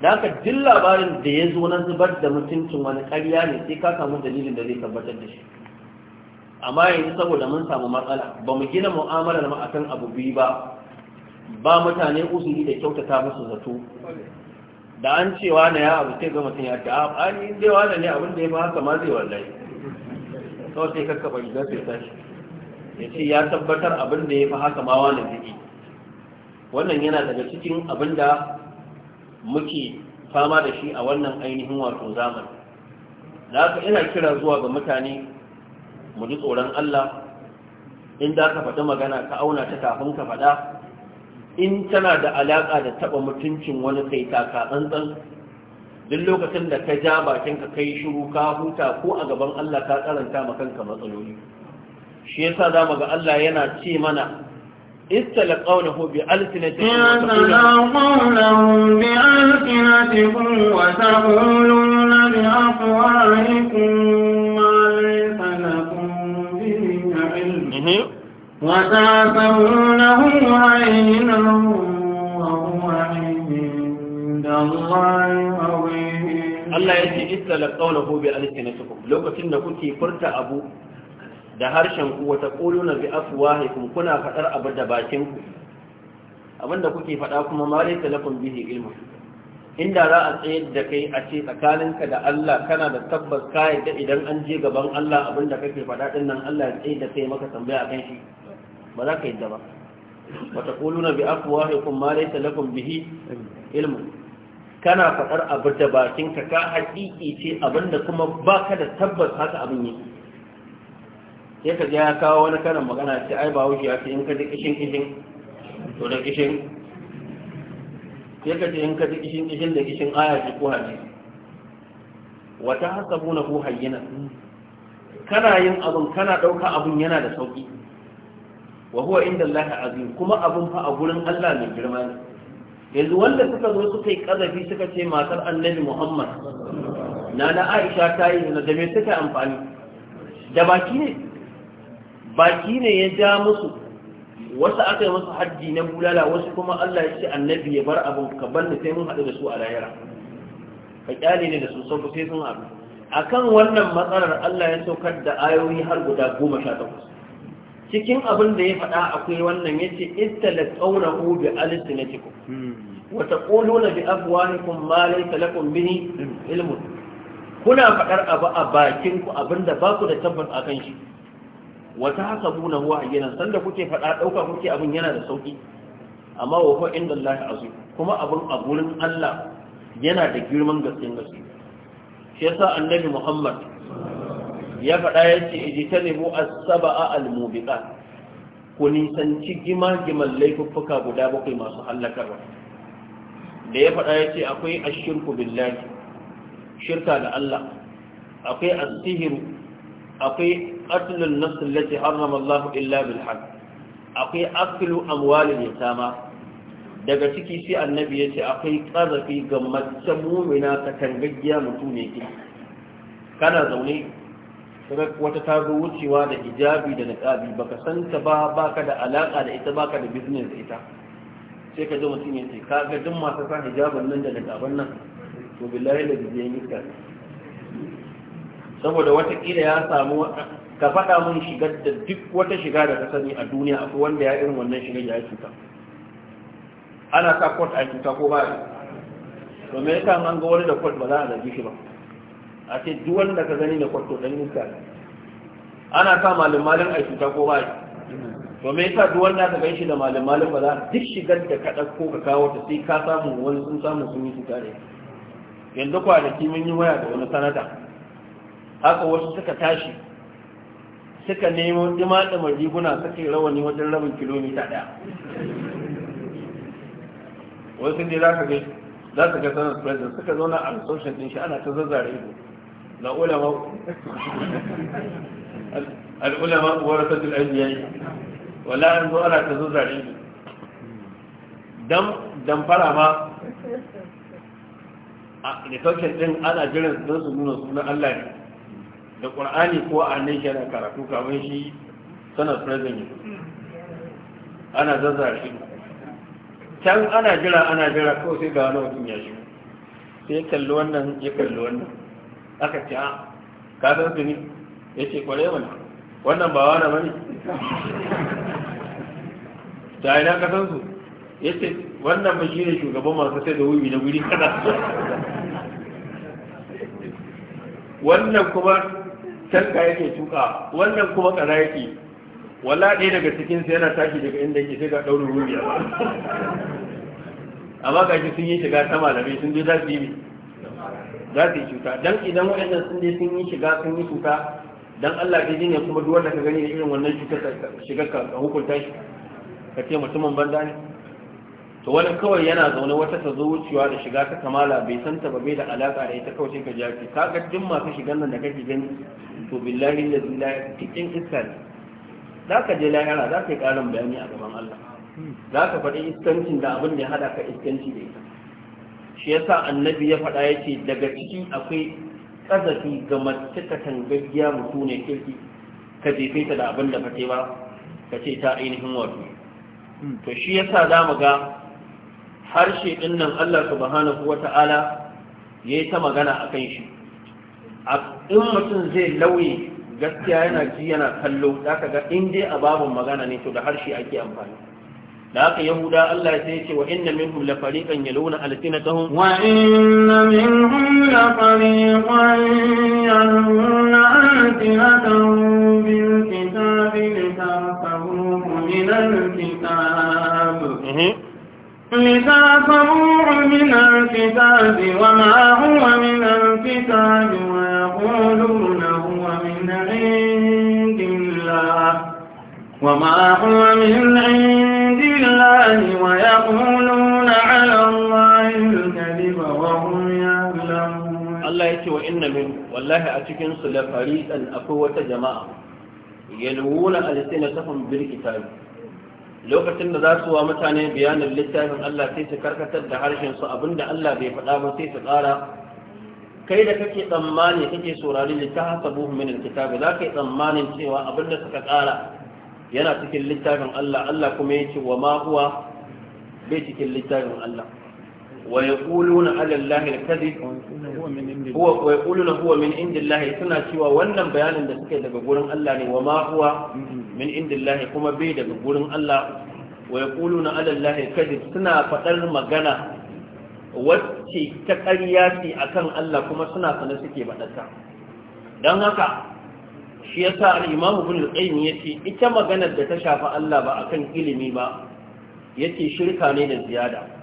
da haka duk labarin da ya zo na zubar da mutuncin wani ƙarya ne sai ka samu dalilin da zai tabbatar da shi amma yanzu saboda mun samu matsala ba mu gina mu'amalar mu akan abu biyu ba ba mutane usuli da kyautata musu zato da an cewa na ya abu sai ga mutum ya ta an yi zai wani ne abin da ya fi haka ma zai wallahi sau sai kakka ba gidan sai tashi ya ce ya tabbatar abin da ya fi haka ma wani zai wannan yana daga cikin abin da muke fama da shi a wannan ainihin wato zamani da haka ina kira zuwa ga mutane mu ji tsoron Allah in da ka faɗi magana ka auna ta kafin ka faɗa in tana da alaƙa da taɓa mutuncin wani kai taka tsantsan duk lokacin da ka ja bakin ka kai shiru ka huta ko a gaban Allah ka karanta ma kanka matsaloli shi yasa zamu ga Allah yana ce mana istala qawluhu bi alsinatikum wa taquluna bi afwahikum وتاثرونه عينا وهو عند الله عظيم Allah ya ce istala qawluhu bi alsinatikum lokacin da kuke furta abu da harshen ku wata quluna wa haifin kuna faɗar abu da bakin ku abinda kuke faɗa kuma ma laysa lafin bihi ilmu inda za a tsayar da kai a ce tsakaninka da Allah kana da tabbas kai da idan an je gaban Allah abinda kake faɗa din nan Allah ya tsaye da kai maka tambaya akan shi ba za ka yadda ba wa taquluna bi afwahikum ma laysa lakum bihi ilmu kana faɗar abu da bakinka ka haƙiƙi ce abinda kuma baka da tabbas haka abin yake sai ka ya kawo wani karin magana ce ai ba wuce ya ce in ka ji kishin kishin to da kishin sai ka ce in ka ji kishin kishin da kishin aya ce ko hadisi wata na ko hayyana kana yin abun kana dauka abun yana da sauki wa huwa inda Allah azim kuma abun fa a gurin Allah mai girma ne yanzu wanda suka zo suka yi kazafi suka ce matar annabi Muhammad na na Aisha ta yi da me suka amfani da baki ne baki ne ya ja musu wasu aka yi masa haddi na bulala wasu kuma Allah ya ce annabi ya bar abin ka bar sai mun haɗu da su a layara. ka kyale ne da su sabu sai sun haɗu kan wannan matsalar Allah ya saukar da ayoyi har guda goma sha takwas cikin abin da ya faɗa akwai wannan ya ce ittala tsaunahu bi alisinatikum wa na bi afwahikum ma laysa lakum bihi ilmun kuna faɗar abu a bakin ku abinda ba ku da tabbas kan shi Wata wa tahsabuna huwa ayyana sanda kuke faɗa ɗauka kuke abin yana da sauki amma wa huwa inda Allah azim kuma abin a gurin Allah yana da girman gaske gaske shi yasa annabi Muhammad ya faɗa yace ijtanibu as-sab'a al-mubiqat ku nisanci gima-giman laifuffuka guda bakwai masu hallakarwa da ya faɗa ya ce akwai ashirku billahi shirka da Allah akwai asihiru akwai qatlun nafs allati harrama Allah illa bil haqq akwai aklu amwalil yatama daga ciki sai annabi ya ce akwai qarafi ga mace mu'mina ta kangaggiya mutune ki kana zaune wata ta zo wucewa da hijabi da niqabi baka san ta ba baka da alaka da ita baka da business ita sai ka ji mutum ya ka ga duk masu sa hijabin nan da niqaban nan to billahi la bijiyan iska saboda watakila ya samu ka faɗa mun shigar da duk wata shiga da ka sani a duniya akwai wanda ya irin wannan shigar ya cuta ana sa kwat a cuta ko ba to me yasa an ga wani da kwat ba za a zargi shi ba a ce duk wanda ka gani da kot to dan iska ana sa malin malin a cuta ko ba to me yasa duk wanda ka shi da malin malin ba za duk shigar da ka ko ka kawo ta sai ka samu wani sun samu sun yi cuta ne yanzu kwanaki mun yi waya da wani sanata haka wasu suka tashi suka nemo dima-diman riguna suka yi rawani wajen rabin kilomita daya wasu ne za ka ga za su ga sanar president suka zauna a social din shi ana ta zazzare ido na ulama al'ulama uwar sajil yi. wala an zo ana ta zazzare ido dan fara ma a resourcen din ana jiran don su nuna sunan allah ne da ƙur'ani ko a nan shi karatu kamar shi sana present ana zazzara shi can ana jira ana jira kawai sai ga wani mutum ya sai ya kalli wannan ya kalli wannan aka ce a kasar su ne ya ce ƙware mana wannan ba wani ne. ta ina na san su ya ce wannan ba shi ne shugaban masu sai da wuri na wuri kada wannan kuma canka yake tuka wannan kuma kaza yake walla ɗaya daga cikin sai yana tashi daga inda yake sai ga ɗaurin rubiya amma ga shi sun yi shiga ta malamai sun je za su yi za su yi cuta Don idan waɗannan sun je sun yi shiga sun yi cuta don Allah ke jinya kuma duk wanda ka gani da irin wannan cutar shiga ka hukunta shi ka ce mutumin banza ne to wani kawai yana zaune wata ta zo wucewa da shiga ta kamala bai san ta ba bai da alaƙa da ita kawai sai ka jafi ka ga duk masu shigan nan da kake gani to billahi da zina cikin iska ne za ka je lahira za ka yi ƙarin bayani a gaban Allah za ka faɗi iskancin da abin da ya haɗa ka iskanci da ita shi yasa annabi ya faɗa ya ce daga ciki akwai ƙazafi ga mace ta tangaggiya mutu ne kirki ka jefe ta da abin da fate ba ka ce ta ainihin wato to shi yasa za mu ga harshe ɗin nan Allah subhanahu wata'ala ya yi ta magana a kan shi in mutum zai lauye gaskiya yana ji yana kallo da ga in dai a babin magana ne to da harshe ake amfani da haka yahuda Allah ya sai ce wa inna minhum la fariqan yaluna alsinatahum wa inna minhum la fariqan yaluna alsinatahum bil kitabi litahsabuhu min al kitab mhm. ميثاقه من الكتاب وما هو من الكتاب ويقولون هو من عند الله وما هو من عند الله ويقولون على الله الكذب وهم يعلمون الله يتي وإن من والله أتكن صلى فريقا أقوة جماعة يلوون ألسنتهم بالكتاب lokacin da za su wa mutane bayanin littafin Allah sai su karkatar da harshen su abinda Allah bai faɗa ba sai su ƙara kai da kake tsammani kake saurari littafabuhu min alkitabi za ka yi tsammanin cewa abinda suka ƙara yana cikin littafin Allah Allah kuma ya ce wa ma huwa bai cikin littafin Allah ويقولون على الله الكذب هو ويقولون هو من عند الله suna cewa wannan bayanin da suke daga gurin Allah ne wa ma huwa min indillahi kuma bai daga gurin Allah wa yaquluna ala allahi suna fadar magana wacce ta ƙarya ce akan Allah kuma suna sanar suke badata dan haka shi yasa al-Imam Ibn al-Qayyim yace ita maganar da ta shafi Allah ba akan ilimi ba yace shirka ne da ziyada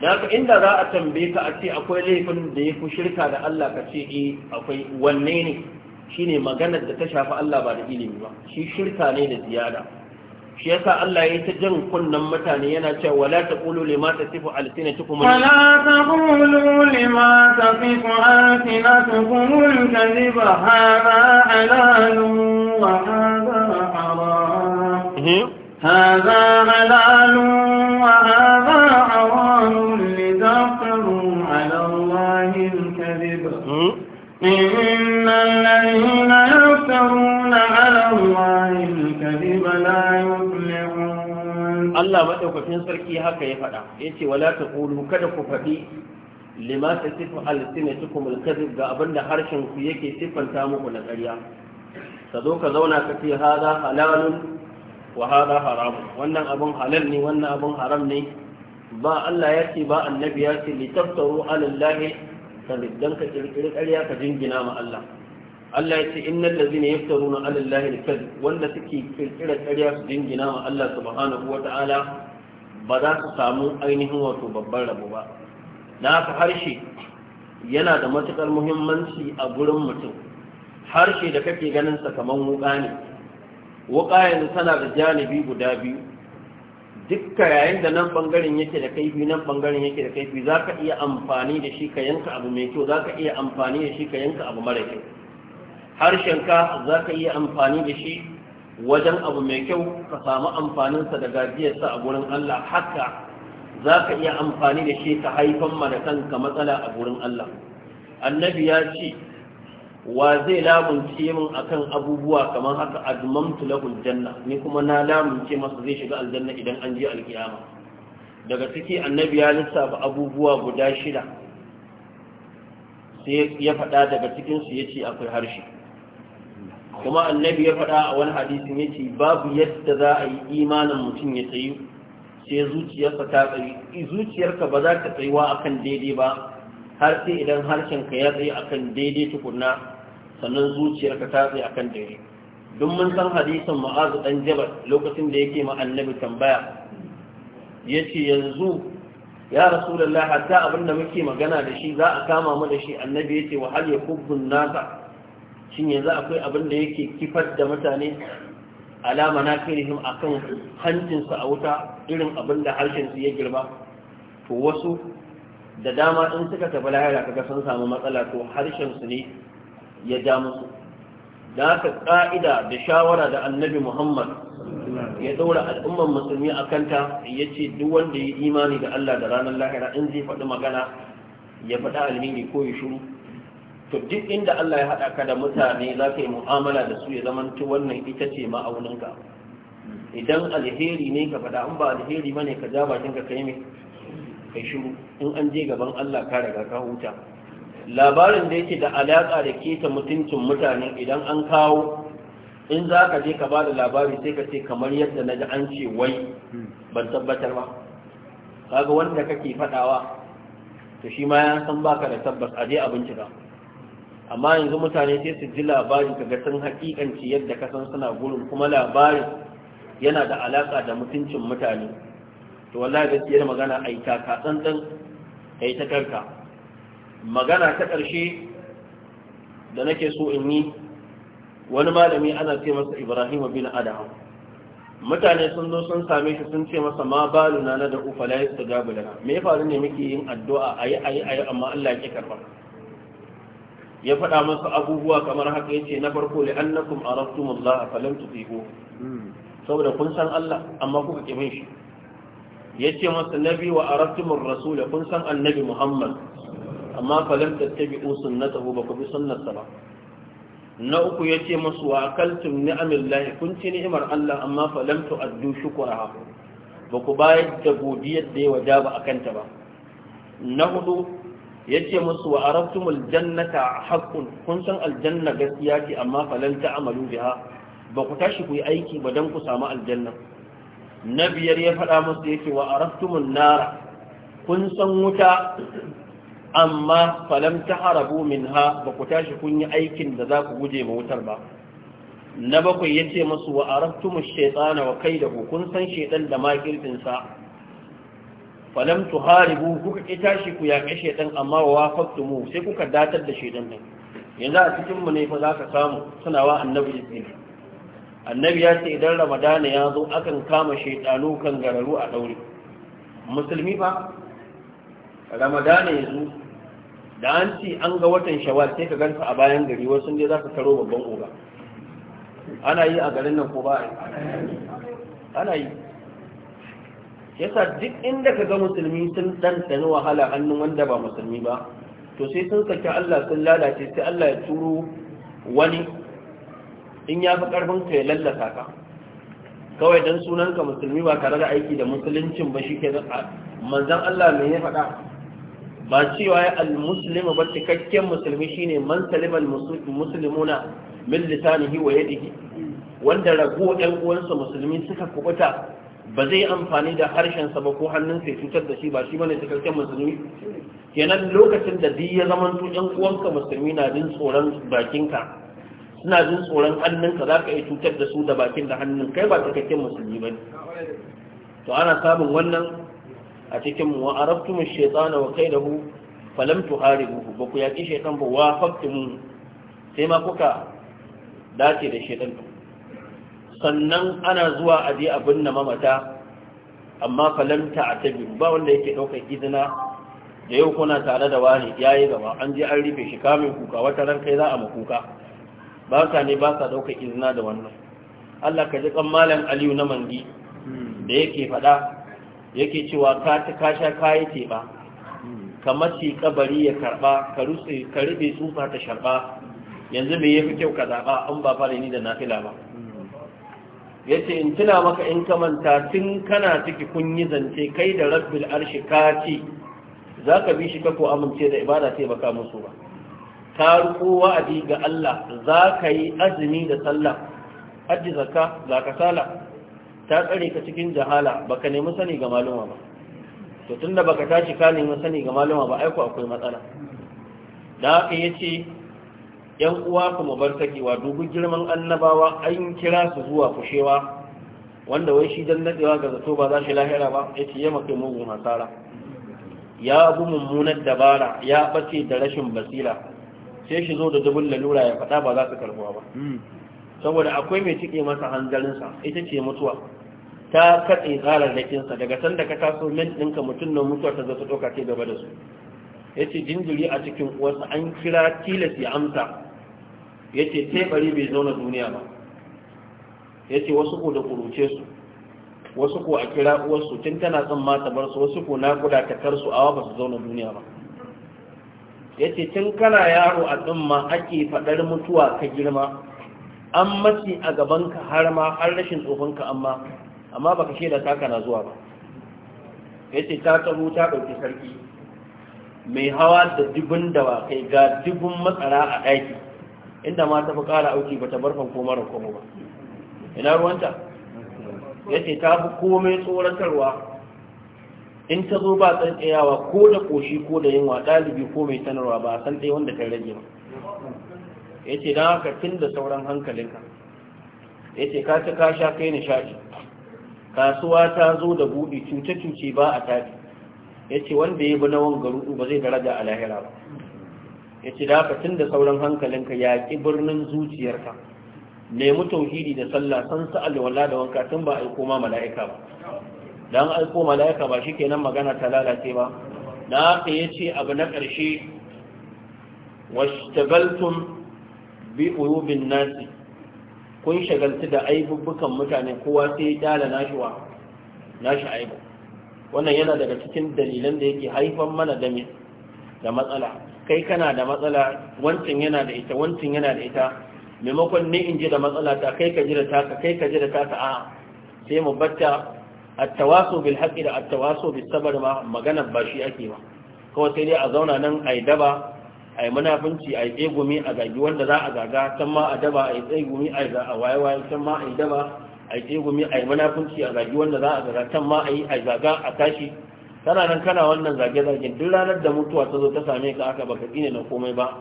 da haka inda za a tambaye ka a ce akwai laifin da ya fi shirka da Allah ka ce eh akwai wanne ne shine maganar da ta shafi Allah ba da ilimi ba shi shirka ne da ziyada shi yasa Allah ya ta jan kunnan mutane yana cewa wala taqulu lima tasifu alsinatukum wala taqulu lima tasifu alsinatukum kadhiba hadha halalun wa hadha haram mhm. هذا حلال وهذا حرام لتفتروا على الله الكذب إن الذين يفترون على الله الكذب لا يفلحون Allah maɗaukakin sarki haka ya faɗa, ya ce, wala ta ƙulu kada ku faɗi lima ta sifu alisina ci ku mulkazin ga abin da harshen ku yake sifanta muku na ƙarya. Ka ka zauna ka fi ha za Wahala haramu wannan abin halal ne wannan abin haram ne ba Allah ya ce ba annabi ya ce li taftaru ala Allah ka dan ka kirkiri ƙarya ka jingina ma Allah Allah ya ce innal ladzina yaftaruna ala al wanda suke kirkira ƙarya su jingina ma Allah subhanahu wata'ala ba za su samu ainihin wato babban rabo ba na haka harshe yana da matukar muhimmanci a gurin mutum harshe da kake ganin sa kaman wuka ne wuƙa yanzu tana da janibi guda biyu dukka yayin da nan ɓangaren yake da kaifi nan ɓangaren yake da kaifi za ka iya amfani da shi ka yanka abu mai kyau za ka iya amfani da shi ka yanka abu mara kyau harshenka za ka iya amfani da shi wajen abu mai kyau ka samu amfaninsa da gajiyarsa a gurin Allah haka za ka iya amfani da shi ka haifan mara da kanka matsala a gurin Allah annabi ya ce wa zai lamunce min akan abubuwa kamar haka admamtu lahul janna ni kuma na lamunce masa zai shiga aljanna idan an je alkiyama daga ciki annabi ya lissafa abubuwa guda shida sai ya faɗa daga cikin su yace akwai harshe kuma annabi ya faɗa a wani hadisin yace babu yadda za a yi imanin mutum ya tsayu sai zuciyarsa ta tsayi zuciyarka ba za ka tsayuwa akan daidai ba har sai idan harshenka ya tsaye akan daidai tukunna sannan zuciyarka ta tsaye akan dare duk mun san hadisin ma'azu dan jabal lokacin da yake ma tambaya yace yanzu ya rasulullah hatta abinda muke magana da shi za a kama mu da shi annabi yace wa hal yakubbun nasa shin yanzu akwai abin da yake kifar da mutane alama na kirihim akan hancinsa a wuta irin abin da su ya girba to wasu da dama in suka tafi lahira kaga sun samu matsala to harshen su ne ya ja musu da haka ƙa'ida da shawara da annabi muhammad ya ɗaura al'umman musulmi a kanta ya ce duk wanda ya imani da allah da ranar lahira in zai faɗi magana ya faɗi alheri ko ya shuru to duk inda allah ya haɗa ka da mutane za ka yi mu'amala da su ya zamanci wannan ita ce ma'auninka idan alheri ne ka faɗa an ba alheri ba ne ka ja bakinka ka yi mai kai shiru in an je gaban allah ka daga ka huta labarin da yake da alaƙa da keta mutuncin mutane idan an kawo in za ka je ka ba da labari sai ka ce kamar yadda na ji an ce wai ban tabbatar ba kaga wanda kake faɗawa to shi ma ya san baka da tabbas a je abinci ba amma yanzu mutane sai su ji labari kaga sun hakikanci yadda ka san suna gurin kuma labarin yana da alaƙa da mutuncin mutane to wallahi gaskiyar magana ai ka tsantsan yi ta karka magana ta ƙarshe da nake so in yi wani malami ana ce masa ibrahim bin adam mutane sun zo sun same shi sun ce masa ma balu na na da ufa la yasu gabu lana me ya faru ne muke yin addu'a A a yi, yi, a yi. amma Allah ya ke karba ya faɗa masa abubuwa kamar haka ya ce na farko li annakum araftumullah falam tusibu saboda kun san Allah amma kuka ki bin shi Ya ce masa nabi wa araftumur rasul kun san annabi Muhammad amma falam tattabi'u sunnatahu ba ku bi sunnarsa ba na uku ya ce masu wa ni ni'amillahi kun ci ni'imar Allah amma addu shukura shukuraha ba ku bayar da godiyar da ya wajaba a kanta ba na hudu ya ce masu wa arabtumul jannata haqqun kun san aljanna gaskiya ce amma falam ta'malu biha ba ku tashi ku yi aiki ba dan ku samu aljanna na biyar ya faɗa masu yake wa arabtumul nara kun san wuta amma falam ta harabu min ha ba ku tashi kun yi aikin da za ku guje ma wutar ba na bakwai ya ce masu wa araftumu shaitana wa kai da kun san shaitan da makirtinsa falam tu haribu kuka ki tashi ku yaƙe shaitan amma wa wafaktumu sai kuka datar da shaitan nan. yanzu a cikin mu ne fa za ka samu suna wa annabi izini annabi ya ce idan ramadana ya zo akan kama shaitanu kan gararu a ɗaure musulmi fa ramadana ya zo da an ci an ga watan shawar sai ka ganta a bayan gari wasu ne za ka karo babban oga ana yi a garin nan ko ba ana yi yasa duk inda ka ga musulmi sun sani wahala hannun wanda ba musulmi ba to sai sun saki Allah sun lalace sai Allah ya turo wani in ya fi karfin ka ya lallata ka kawai don sunanka musulmi ba tare da aiki da musuluncin ba shi ke manzan Allah mai ya faɗa ba cewa ya al-muslimu ba cikakken musulmi shine man salima al-muslimuna min lisanihi wa yadihi wanda rago ɗan uwansa musulmi suka kubuta ba zai amfani da harshen sa ba ko hannun ya cutar da shi ba shi bane cikakken musulmi kenan lokacin da duk ya zama to ɗan uwanka musulmi na jin tsoron bakinka suna jin tsoron hannunka za ka iya cutar da su da bakin da hannun kai ba cikakken musulmi ba ne to ana samun wannan a cikin mu wa arabtum ash-shaytana wa kaydahu falam tuharibuhu ba ku yaki shaytan ba wa faqtum sai ma kuka dace da shaytan sannan ana zuwa a je abin na mamata amma falam ta'tabi ba wanda yake daukar izina da yau kuna tare da wani yayi gaba an je an rufe shi kamin kuka wata ran kai za a kuka ba ka ne ba ka daukar izina da wannan Allah ka ji kan malam Aliyu na mangi da yake faɗa yake cewa ka ta kasha kayi teɓa kamar shi kabari ya karɓa ka rufe tsufa ta sharɓa yanzu mai yafi kyau ka zaɓa an ba fara ni da nafila ba ya ce in tuna maka in kamanta tun kana ciki kun yi zance kai da rabbil arshi ka ce za ka bi shi ka ko amince da ibada sai baka musu ba ka ruko wa'adi ga Allah za ka yi azumi da sallah hajji zakka za ka sala ta tsare ka cikin jahala ka nemi sani ga maluma ba to tunda ka tashi ka nemi sani ga maluma ba aiko akwai matsala da haka ce yan uwa ku mubartakewa dubu girman annabawa an kira su zuwa Fushewa, wanda wai shi dan nadewa ga zato ba za shi lahira ba ya ce ya kai mugun hasara ya abu mummunar dabara ya ɓace da rashin basira sai shi zo da dubun lalura ya faɗa ba za su karbuwa ba hmm. saboda akwai mai cike masa hanzarinsa ita ce mutuwa ta katse tsararrakinsa daga san da ka taso min ɗinka mutum na mutuwa ta zata ɗauka ce gaba da su ya ce jinjiri a cikin uwarsa an kira tilas ya amsa ya ce teɓari bai zauna duniya ba ya ce wasu ko da kuruce su wasu ko a kira uwarsu tun tana son mata bar su wasu ko kuda ta kar su awa ba su zauna duniya ba ya ce tun kana yaro a ma ake faɗar mutuwa ka girma an matsi a gabanka har ma har rashin tsofinka amma amma baka shaida taka na zuwa ba yace ta tsaro ta ɗauki sarki mai hawa da dubun dawakai ga dubun matsara a ɗaki, inda ma ta fi ƙara auki ba ta barfan ko mara kuma ba ina ruwanta yace ta fi komai tsoratarwa in ta zo ba tsantsayawa ko da ƙoshi ko da yunwa ɗalibi ko mai sanarwa ba a san ɗaya wanda ta rage ba ya ce don haka tun da sauran hankalinka ya ce ka ka sha kai nishaɗi kasuwa ta zo da buɗe cuce-cuce ba a tafi ya ce wanda ya bi na wangaru ba zai daraja a lahira ba ya ce da haka tun da sauran hankalinka ya ƙi birnin zuciyarka nemi tauhidi da sallah san su alwala da wanka tun ba aiko ma mala'ika ba don aiko mala'ika ba shi kenan magana ta lalace ba na haka ya ce abu na ƙarshe wasu tagaltun bi uyubin nasi kun shagaltu da aibubukan mutane kowa sai ya dala nashi wa aibu wannan yana daga cikin dalilan da yake haifan mana da da matsala kai kana da matsala wancin yana da ita wancin yana da ita maimakon ne in ji da matsala ta kai ka ji da taka kai ka ji da taka a sai mu batta a tawaso bil haqqi da a tawaso bis sabr ma magana ba shi ake ba kawai sai dai a zauna nan ai daba a yi munafunci a yi tsegumi a gagi wanda za a gaga can ma a daba a yi tsegumi a yi a waye-waye can ma a yi daba a yi tsegumi a yi munafunci a gagi wanda za a gaga can ma a yi a zaga a tashi tana nan kana wannan zage zagen duk ranar da mutuwa ta zo ta same ka aka baka tsine na komai ba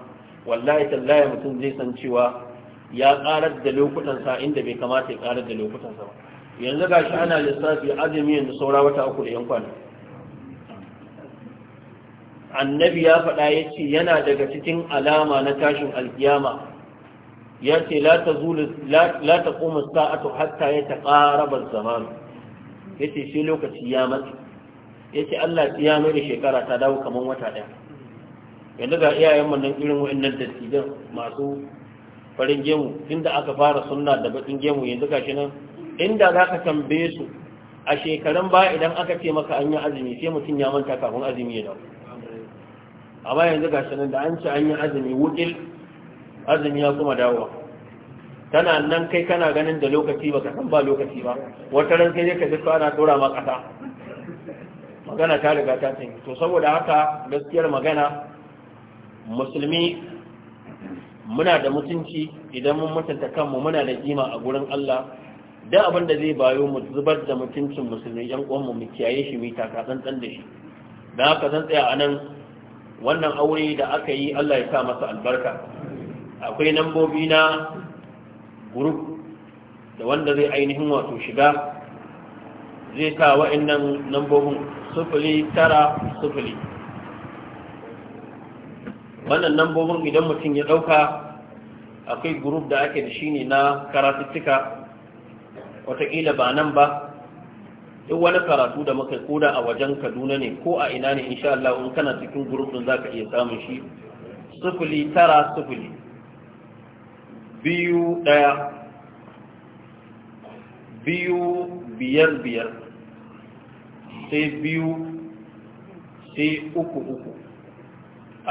wallahi tallahi mutum zai san cewa ya karar da lokutansa inda bai kamata ya karar da lokutansa ba yanzu gashi ana lissafi azumi yanzu saura wata uku da yan kwana annabi ya faɗa ya ce yana daga cikin alama na tashin alkiyama ya ce la ta koma sa'atu hatta ya ta ƙarabar zamanu ya ce shi lokaci ya matsi ya ce allah ya mai da shekara ta dawo kamar wata ɗaya yanzu ga iyayen wannan irin wa'annan dattijan masu farin gemu inda aka fara sunna da bakin gemu yanzu ga shi nan inda za ka tambaye su a shekarun baya idan aka ce maka an yi azumi sai mutum ya manta kafin azumi ya dawo amma yanzu ga shi nan da an ci an yi azumi wukil azumi ya kuma dawowa tana nan kai kana ganin da lokaci ba ka san ba lokaci ba wata ran sai ka ji ana dora ma kasa magana ta riga ta tsaye to saboda haka gaskiyar magana musulmi muna da mutunci idan mun mutunta kanmu muna da jima a gurin Allah da abin da zai bayo mu zubar da mutuncin musulmi yan uwanmu mu kiyaye shi mu taka tsantsan da shi da haka zan tsaya anan wannan aure da aka yi Allah ya sa masa albarka akwai nambobi na group da wanda zai ainihin wato shiga zai sa wa'annan nambobin sufuli tara sufuli wannan nambobin idan mutum ya ɗauka akwai group da ake da shi ne na karatuttuka watakila ba nan ba duk wani karatu da muka koda a wajen kaduna ne ko a ina ne insha Allah in kana cikin gurbin za ka iya samun shi sufuli tara sufuli biyu ɗaya biyu biyar biyar sai biyu sai uku uku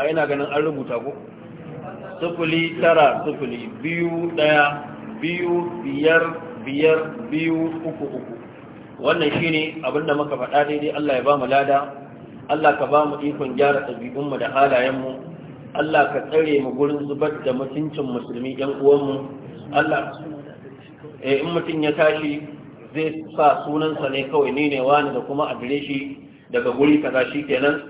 a ina ganin an rubuta ko sufuli tara sufuli biyu ɗaya biyu biyar biyar biyu uku uku wannan shi shine abinda muka faɗa daidai Allah ya ba mu lada Allah ka ba mu ikon gyara ɗabi'unmu da halayenmu Allah ka tsare mu gurin zubar da mutuncin musulmi ɗan uwanmu Allah eh, in mutum ya tashi zai sa sunansa ne kawai ni ne wani da kuma adireshi daga guri kaza kenan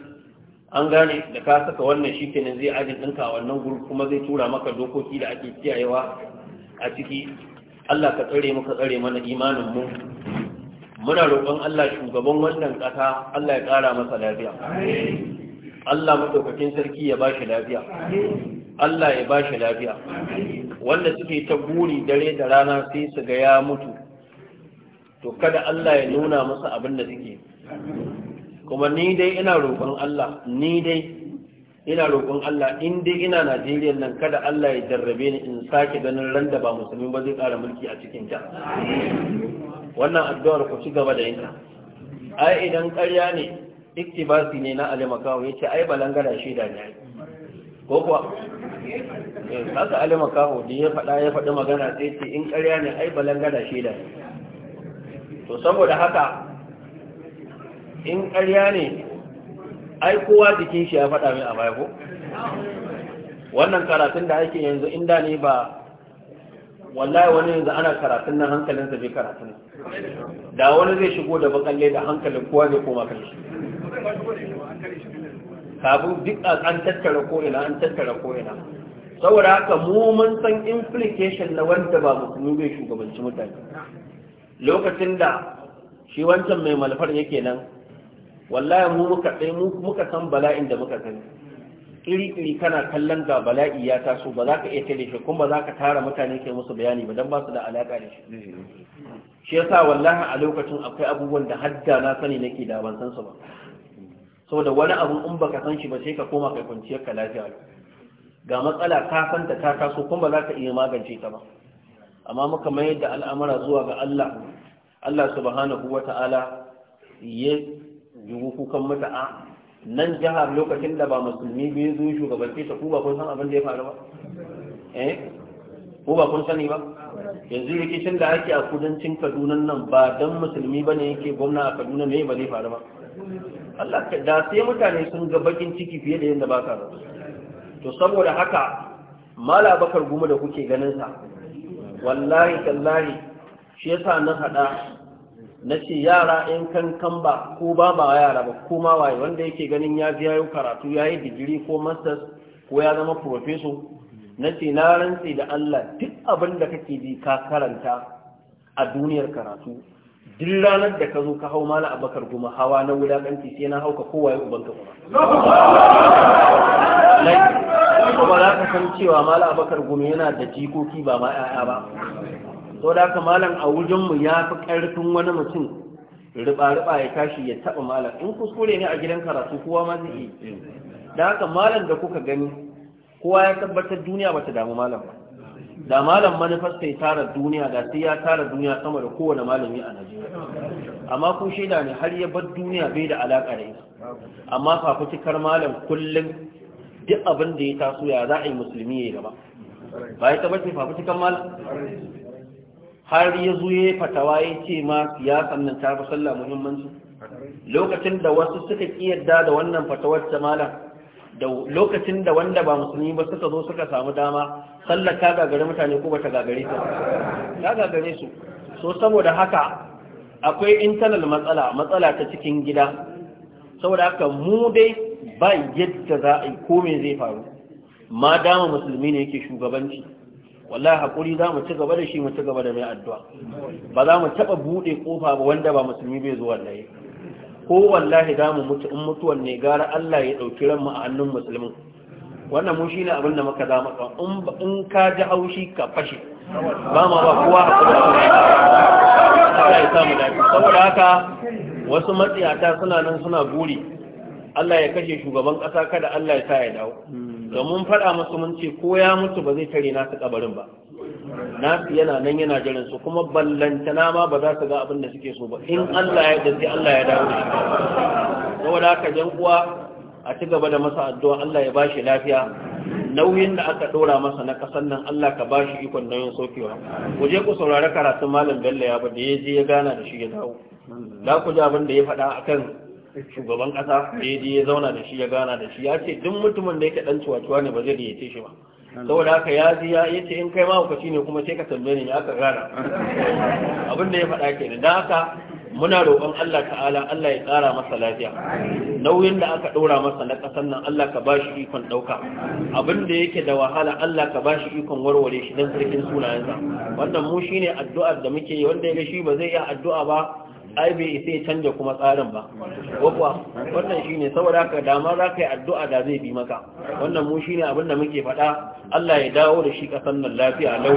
an gane da ka saka wannan kenan zai ajin ɗinka a wannan guri kuma zai tura maka dokoki da ake kiyayewa a ciki Allah ka tsare mu ka tsare mana imanin mu muna roƙon Allah shugaban wannan ƙasa Allah ya ƙara masa lafiya Allah madaukakin sarki ya bashi lafiya Allah ya bashi lafiya wanda suke ta buri dare da rana sai su ga ya mutu to kada Allah ya nuna masa abin da suke kuma ni dai ina roƙon Allah ni dai ina roƙon Allah in dai ina Najeriya nan kada Allah ya jarrabe ni in sake ganin randa ba musulmi ba zai ƙara mulki a cikin ta wannan addu'ar ku ci gaba da yinka ai idan ƙarya ne iktibasi ne na alimakawo ya ce ai balangara shi da ne ko kuwa eh, haka alimakawo da ya faɗa ya faɗi magana sai ce in ƙarya ne ai balangara shi da ne to saboda haka in ƙarya ne ai kowa jikin shi ya faɗa min a baya ko wannan karatun da ake yanzu inda ne ba wallahi wani yanzu ana karatun nan hankalinsa bai karatun da wani zai shigo da bakalle da hankalin kowa zai koma kan shi kafin duk an tattara ko'ina an tattara ko'ina saboda haka mu mun san implication na wanda ba musulmi bai shugabanci mutane lokacin da shi wancan mai malfar yake nan wallahi mu muka muka san bala'in da muka sani iri-iri kana kallon ga bala'i ya taso ba za ka iya tele shi kuma za ka tara mutane ke musu bayani ba don ba su da alaƙa da shi shi yasa wallahi a lokacin akwai abubuwan da hadda na sani nake da ban san su ba saboda wani abu in baka san shi ba sai ka koma kai kwanciyar ka lafiya ga matsala ta santa ta taso kuma za ka iya magance ta ba amma muka mayar da al'amura zuwa ga Allah Allah subhanahu wata'ala ya yi kukan mata'a. nan jihar lokacin da ba musulmi biyu zuwa shugabanci ta kuba kun san abin da ya faru ba eh ko ba kun sani ba yanzu rikicin da ake a kudancin kaduna nan ba dan musulmi ba ne yake gwamna a kaduna ne ba zai faru ba Allah ka da sai mutane sun ga bakin ciki fiye da yadda ba ka ba to saboda haka mala bakar goma da kuke ganin sa wallahi tallahi shi yasa na hada na ce yara in kankan ba ko ba ba yara ba ko ma waye wanda yake ganin ya ji yayin karatu yayi digiri ko masters ko ya zama professor na ce na rantse da Allah duk abin da kake ji ka karanta a duniyar karatu duk ranar da ka zo ka hau mala abakar kuma hawa na wulakanci sai na hauka waye uban ka kuma kuma za ka san cewa mala abakar gumi yana da jikoki ba ma 'ya'ya ba so da malam a wujenmu ya fi ƙarfin wani mutum riba-riba ya tashi ya taɓa malam in kuskure ne a gidan karatu kowa ma zai yi da haka malam da kuka gani kowa ya tabbatar duniya ba ta damu malam ba da malam manifasta ya tara duniya da sai ya tara duniya sama da kowane malami a najeriya amma kun shaida ne har ya bar duniya bai da alaƙa da ita amma fafutukar malam kullum duk abin da ya taso ya za a yi musulmi ya yi gaba ba ya tabbatar fafutukar malam har ya zo ya fatawa ya ce ma ya nan ta fi sallah muhimmanci lokacin da wasu suka kiyarda da wannan fatawar ta malam da lokacin da wanda ba musulmi ba suka zo suka samu dama sallar ta gagare mutane ko bata gagare ta ta gagare su so saboda haka akwai internal matsala matsala ta cikin gida saboda haka mu dai ba yadda za a yi ko me zai faru ma dama musulmi ne yake shugabanci wallahi hakuri za mu ci gaba da shi mu ci gaba da mai addu'a ba za mu taba bude kofa ba wanda ba musulmi bai zuwa zo yi. ko wallahi za mu mutu in mutuwan ne gara Allah ya dauki mu a annun musulmin wannan mu shine abin da muka zama kan in ka ji haushi ka fashe ba ma ba kowa hakuri Allah ya samu lafiya saboda haka wasu matsiyata suna nan suna gori. Allah ya kashe shugaban ƙasa kada Allah ya sa ya dawo domin faɗa masu mun ce ko ya mutu ba zai tare nasu kabarin ba nasu yana nan yana jiran su kuma ballantana ma ba za su ga abin da suke so ba in Allah ya dace Allah ya dawo da shi saboda haka jan uwa a ci gaba da masa addu'a Allah ya ba shi lafiya nauyin da aka ɗora masa na ƙasar nan Allah ka ba shi ikon nauyin sokewa ku je ku saurari karatun malam bello ya ba da ya je ya gana da shi ya dawo za ku ji abin da ya faɗa akan shugaban ƙasa, da ya zauna da shi ya gana da shi ya ce duk mutumin da yake dan cuwa-cuwa ne ba zai gayyace shi ba saboda haka ya ji ya ce in kai mahaukaci ne kuma sai ka tambaye ni aka gana abin da ya faɗa ke ne dan haka muna roƙon Allah ta'ala Allah ya ƙara masa lafiya nauyin da aka ɗora masa na ƙasar nan Allah ka ba shi ikon ɗauka abin da yake da wahala Allah ka ba shi ikon warware shi don sarkin sunayensa wannan mu shi ne addu'ar da muke yi wanda ya ga shi ba zai iya addu'a ba ai bai sai canja kuma tsarin ba wakwa wannan shine saboda haka dama za ka yi addu'a da zai bi maka wannan mu shine abin da muke faɗa Allah ya dawo da shi ƙasar nan lafiya lau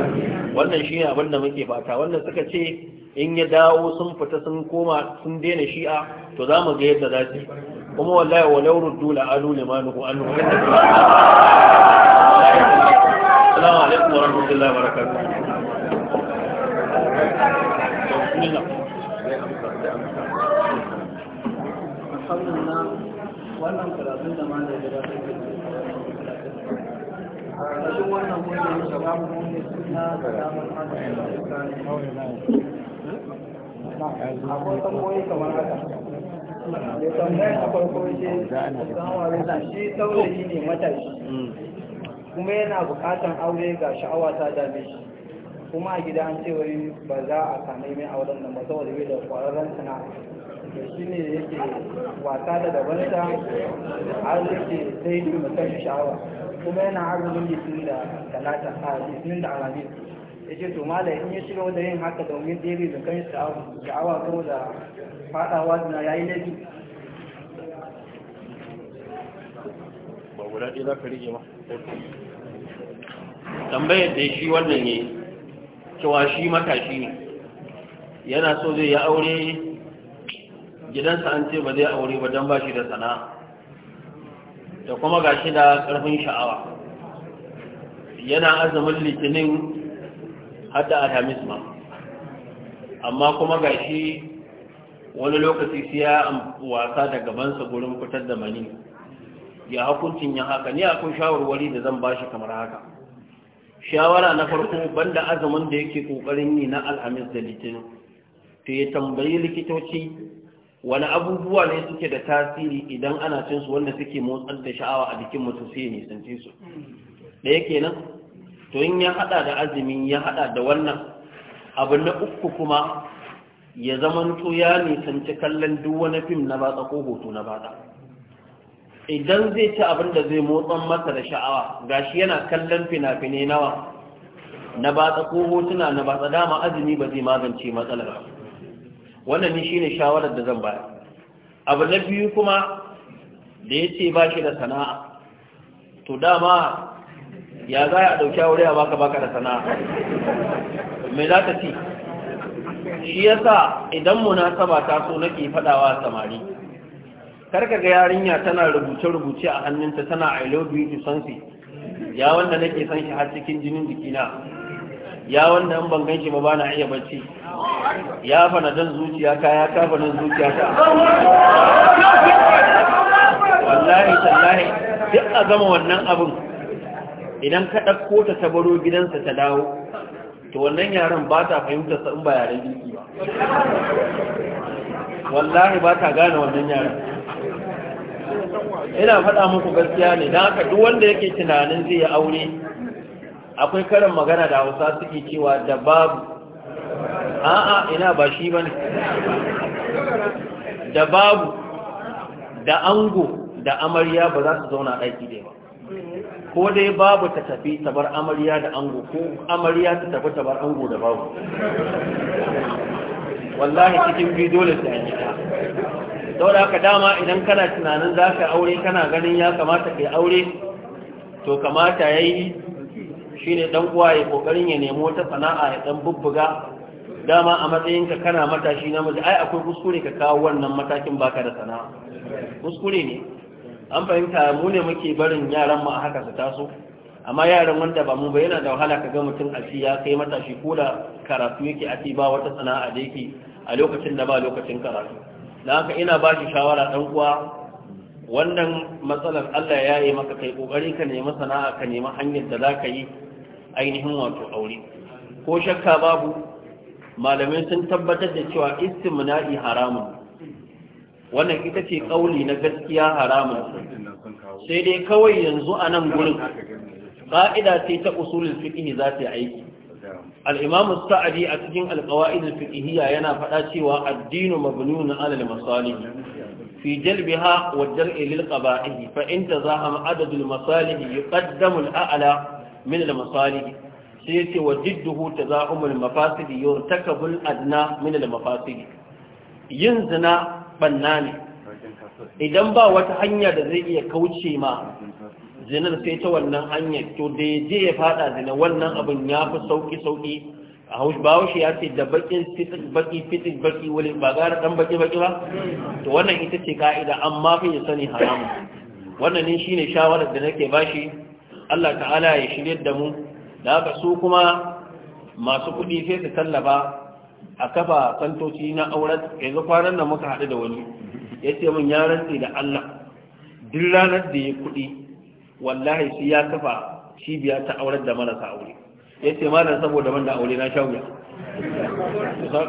wannan shine abin da muke fata wannan suka ce in ya dawo sun fita sun koma sun daina shi'a to za mu ga yadda za su kuma wallahi wa lauru dula alu limanuhu anhu Assalamu alaikum wa rahmatullahi wa barakatuh. musamman na wannan karatun da ma da gabatar da rashin wannan wannan shababu wani suna da damar magana akwai tamboyi kamar haka da tambayar na farko ce sanwa shi saurayi ne matashi kuma yana bukatan aure ga sha'awa ta dame shi kuma a gida an ce wai ba za a same mai auren nan ba saboda bai da kwararren sana'a shi ne yake wasa da dabarta har yake sai da mutum sha'awa kuma yana arzikin litinin da talata a litinin da alamis ya ce to mala in ya shiga da yin haka domin ɗere da kan sha'awa ko da faɗawa suna yayi laifi ba guda ma tambayar da shi wannan ne cewa shi matashi ne yana so zai yi aure gidansa an ce ba zai aure ba don ba shi da sana'a da kuma ga shi da ƙarfin sha'awa yana azumin litinin hada alhamis ma amma kuma ga shi wani lokaci sai ya wasa da gabansa gurin fitar da mani ya hukuncin ya haka ni akwai shawarwari da zan ba shi kamar haka shawara na farko banda azumin da yake kokarin yi na alhamis da litinin Ta ya tambayi likitoci wani abubuwa ne suke da tasiri idan ana cinsu wanda suke motsar da sha'awa a jikin mutum sai ne su da yake nan to in ya hada da azumi ya hada da wannan abu na uku kuma ya zamanto ya nisanci kallon duk wani fim na batsa ko hoto na batsa idan zai ci abin da zai motsan masa da sha'awa gashi yana kallon fina-finai nawa na batsa ko hotuna na batsa dama azumi ba zai magance matsalar ba wannan ni shine shawarar da zan bayar abu na biyu kuma da ya ce ba shi da sana'a to dama ya za a ɗauki aure a baka baka da sana'a me za ta ci shi yasa idan munasaba ta so nake faɗawa samari ka ga yarinya tana rubuce-rubuce a hannunta tana i love you to sansi ya wanda nake san shi har cikin jinin jikina ya wanda in ban ganshi ba bana iya bacci ya fana dan zuciya ka ya kafa fana zuciya ta wallahi tallahi duk a gama wannan abin idan ka ɗauko ta tabaro baro gidansa ta dawo to wannan yaran ba ta fahimtar sa in ba yaren ba wallahi ba ta gane wannan yaran ina faɗa muku gaskiya ne don haka duk wanda yake tunanin zai yi aure akwai karin magana da hausa suke cewa da babu a'a ina ba shi ba ne da babu da ango da amarya ba za su zauna ɗaki da ba ko dai babu ta tafi tabar amarya da ango ko amarya ta tafi tabar ango da babu wallahi cikin biyu dole su yi ta saboda haka dama idan kana tunanin za ka aure kana ganin ya kamata ka yi aure to kamata ya yi shine dan uwa ya ƙoƙarin ya nemo ta sana'a ya ɗan bubbuga dama a matsayinka kana matashi namiji ai akwai kuskure ka kawo wannan matakin baka da sana'a kuskure ne an fahimta mu ne muke barin yaran mu a haka su taso amma yaran wanda ba mu ba yana da wahala ka ga mutum a ya kai matashi ko da karatu yake a ba wata sana'a da yake a lokacin da ba lokacin karatu dan haka ina ba shi shawara ɗan uwa wannan matsalar Allah ya yi maka kai kokari ka nemi sana'a ka nemi hanyar da za ka yi ainihin wato aure ko shakka babu malamai sun tabbatar da cewa istimna'i haramun wannan ita ce kauli na gaskiya haramun sai dai kawai yanzu a nan gurin ƙa'ida ce ta usulin fiqh za ta aiki al Sa'adi a cikin al-qawaid yana faɗa cewa alal dinu mabnun 'ala al-masalih في جلبها والجرء للقبائل فإن تزاهم عدد المصالح يقدم الأعلى min al-masalih sai yace wa jidduhu tazahumul mafasid a zina min al-mafasid yin zina banna ne idan ba wata hanya da zai iya kauce ma zinar sai ta wannan hanya to da ya je ya fada zina wannan abin ya fi sauki sauki a bahaushe ya ce da bakin fitik baki fitik baki wani ba gara dan baki baki ba to wannan ita ce ka'ida amma fi ya sani haramu wannan ne shine shawarar da nake bashi Allah ta'ala ya shirye da mu da haka su kuma masu kuɗi sai su tallafa a kafa kantoci na auren yanzu kwanan da muka haɗu da wani ya ce min ya rantse da Allah duk ranar da ya kuɗi wallahi shi ya kafa cibiya ta aure da marasa aure ya ce malam saboda man da aure na shawuya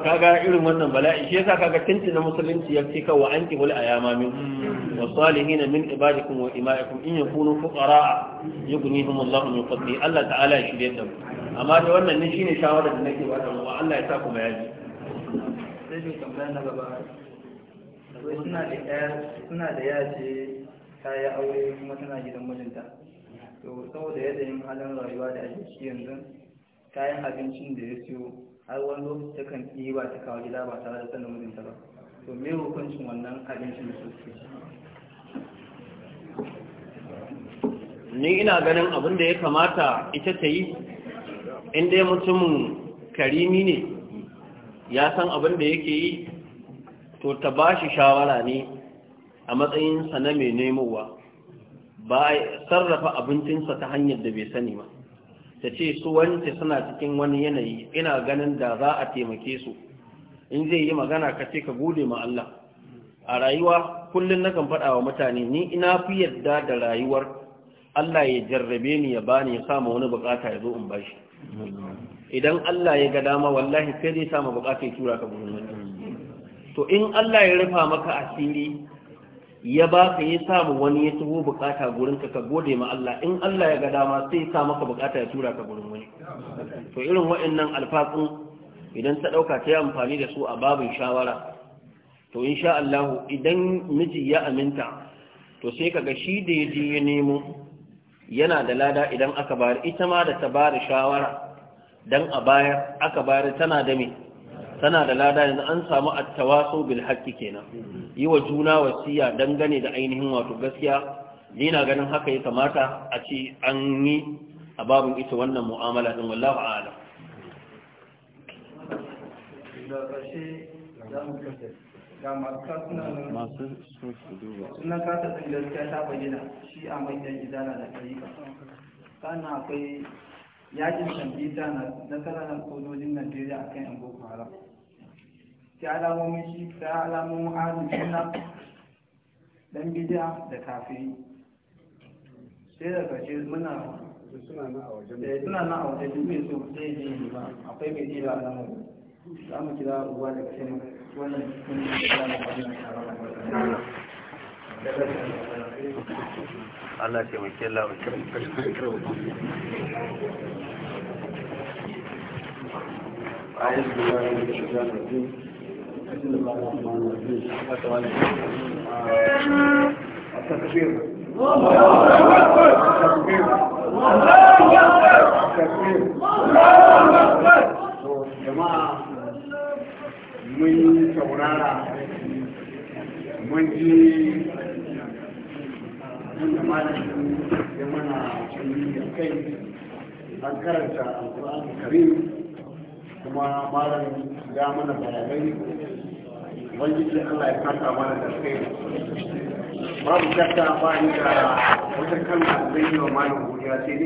kaga irin wannan bala'i shi yasa kaga tinti na musulunci ya ce kawai an kibul ayama min hmm. wasalihin min ibadikum wa imaikum in yakunu fuqara yughnihim Allahu min fadli Allah ta'ala ya shirye mu amma da wannan ne shine shawara da nake ba da wa Allah ya sa ku bayani sai ni tambaya na gaba suna da suna da yace ta yi aure kuma tana gidan mijinta to saboda yin halin rayuwa da ake ci yanzu kayan abincin da ya siyo har wani lokaci takan ba ta kawo gida ba tare da sanin mutunta ba to me hukuncin wannan abincin da su suke ni ina ganin abin da ya kamata ita ta yi inda mutumin karimi ne ya san abin da yake yi to ta ba shi shawara ne a matsayinsa na mai nemowa ba a sarrafa abincinsa ta hanyar da bai sani ba ta ce su wance suna cikin wani yanayi ina ganin da za a taimake su in zai yi magana ka ce ka gode ma Allah a rayuwa kullum na kan faɗa wa mutane ni ina fi yadda da rayuwar Allah ya jarrabe ni ya bani ya sama wani bukata ya zo in bashi idan Allah ya ga dama wallahi sai zai sama bukata ya tura ka gurin to in Allah ya rufa maka asiri ya ba ka ya samu wani ya tuho bukata gurin ka ka gode ma Allah in Allah ya ga dama sai ya sa maka bukata ya tura ka gurin wani to irin waɗannan alfatsun idan ta ɗauka ta yi amfani da su a babin shawara to insha Allah idan miji ya aminta to sai kaga shi da ya je ya nemo yana da lada idan aka bayar ita ma da ta bada shawara dan a bayar aka bayar tana da me tana da lada yanzu an samu attawaso bil haqqi kenan yi wa juna wasiya dangane da ainihin wato gaskiya ni na ganin haka ya kamata a ce an yi a babin ita wannan mu'amala din wallahu a'lam ga masu suna kasa tsin gaskiya ta bayyana shi a manyan idana da tsarika kana akwai yakin shambita na nasarar sojojin najeriya akan yan boko haram sai alamomin shi ta alamomin halin suna dan gida da kafin? sai da kashe muna suna na a wajen eh, mai so sai je jini ba akwai mai jira na za mu kira ruwa daga sai wannan cikin da ya kara da Allah ke muke Mun yi saurara, wanda malamin ya mana canji da kai an karanta alƙur'an karim kuma malamin ya mana bayanai ubangiji allah ya kasa mana da kai babu shakka ba ni da wata kalma zai yi wa malamin godiya sai dai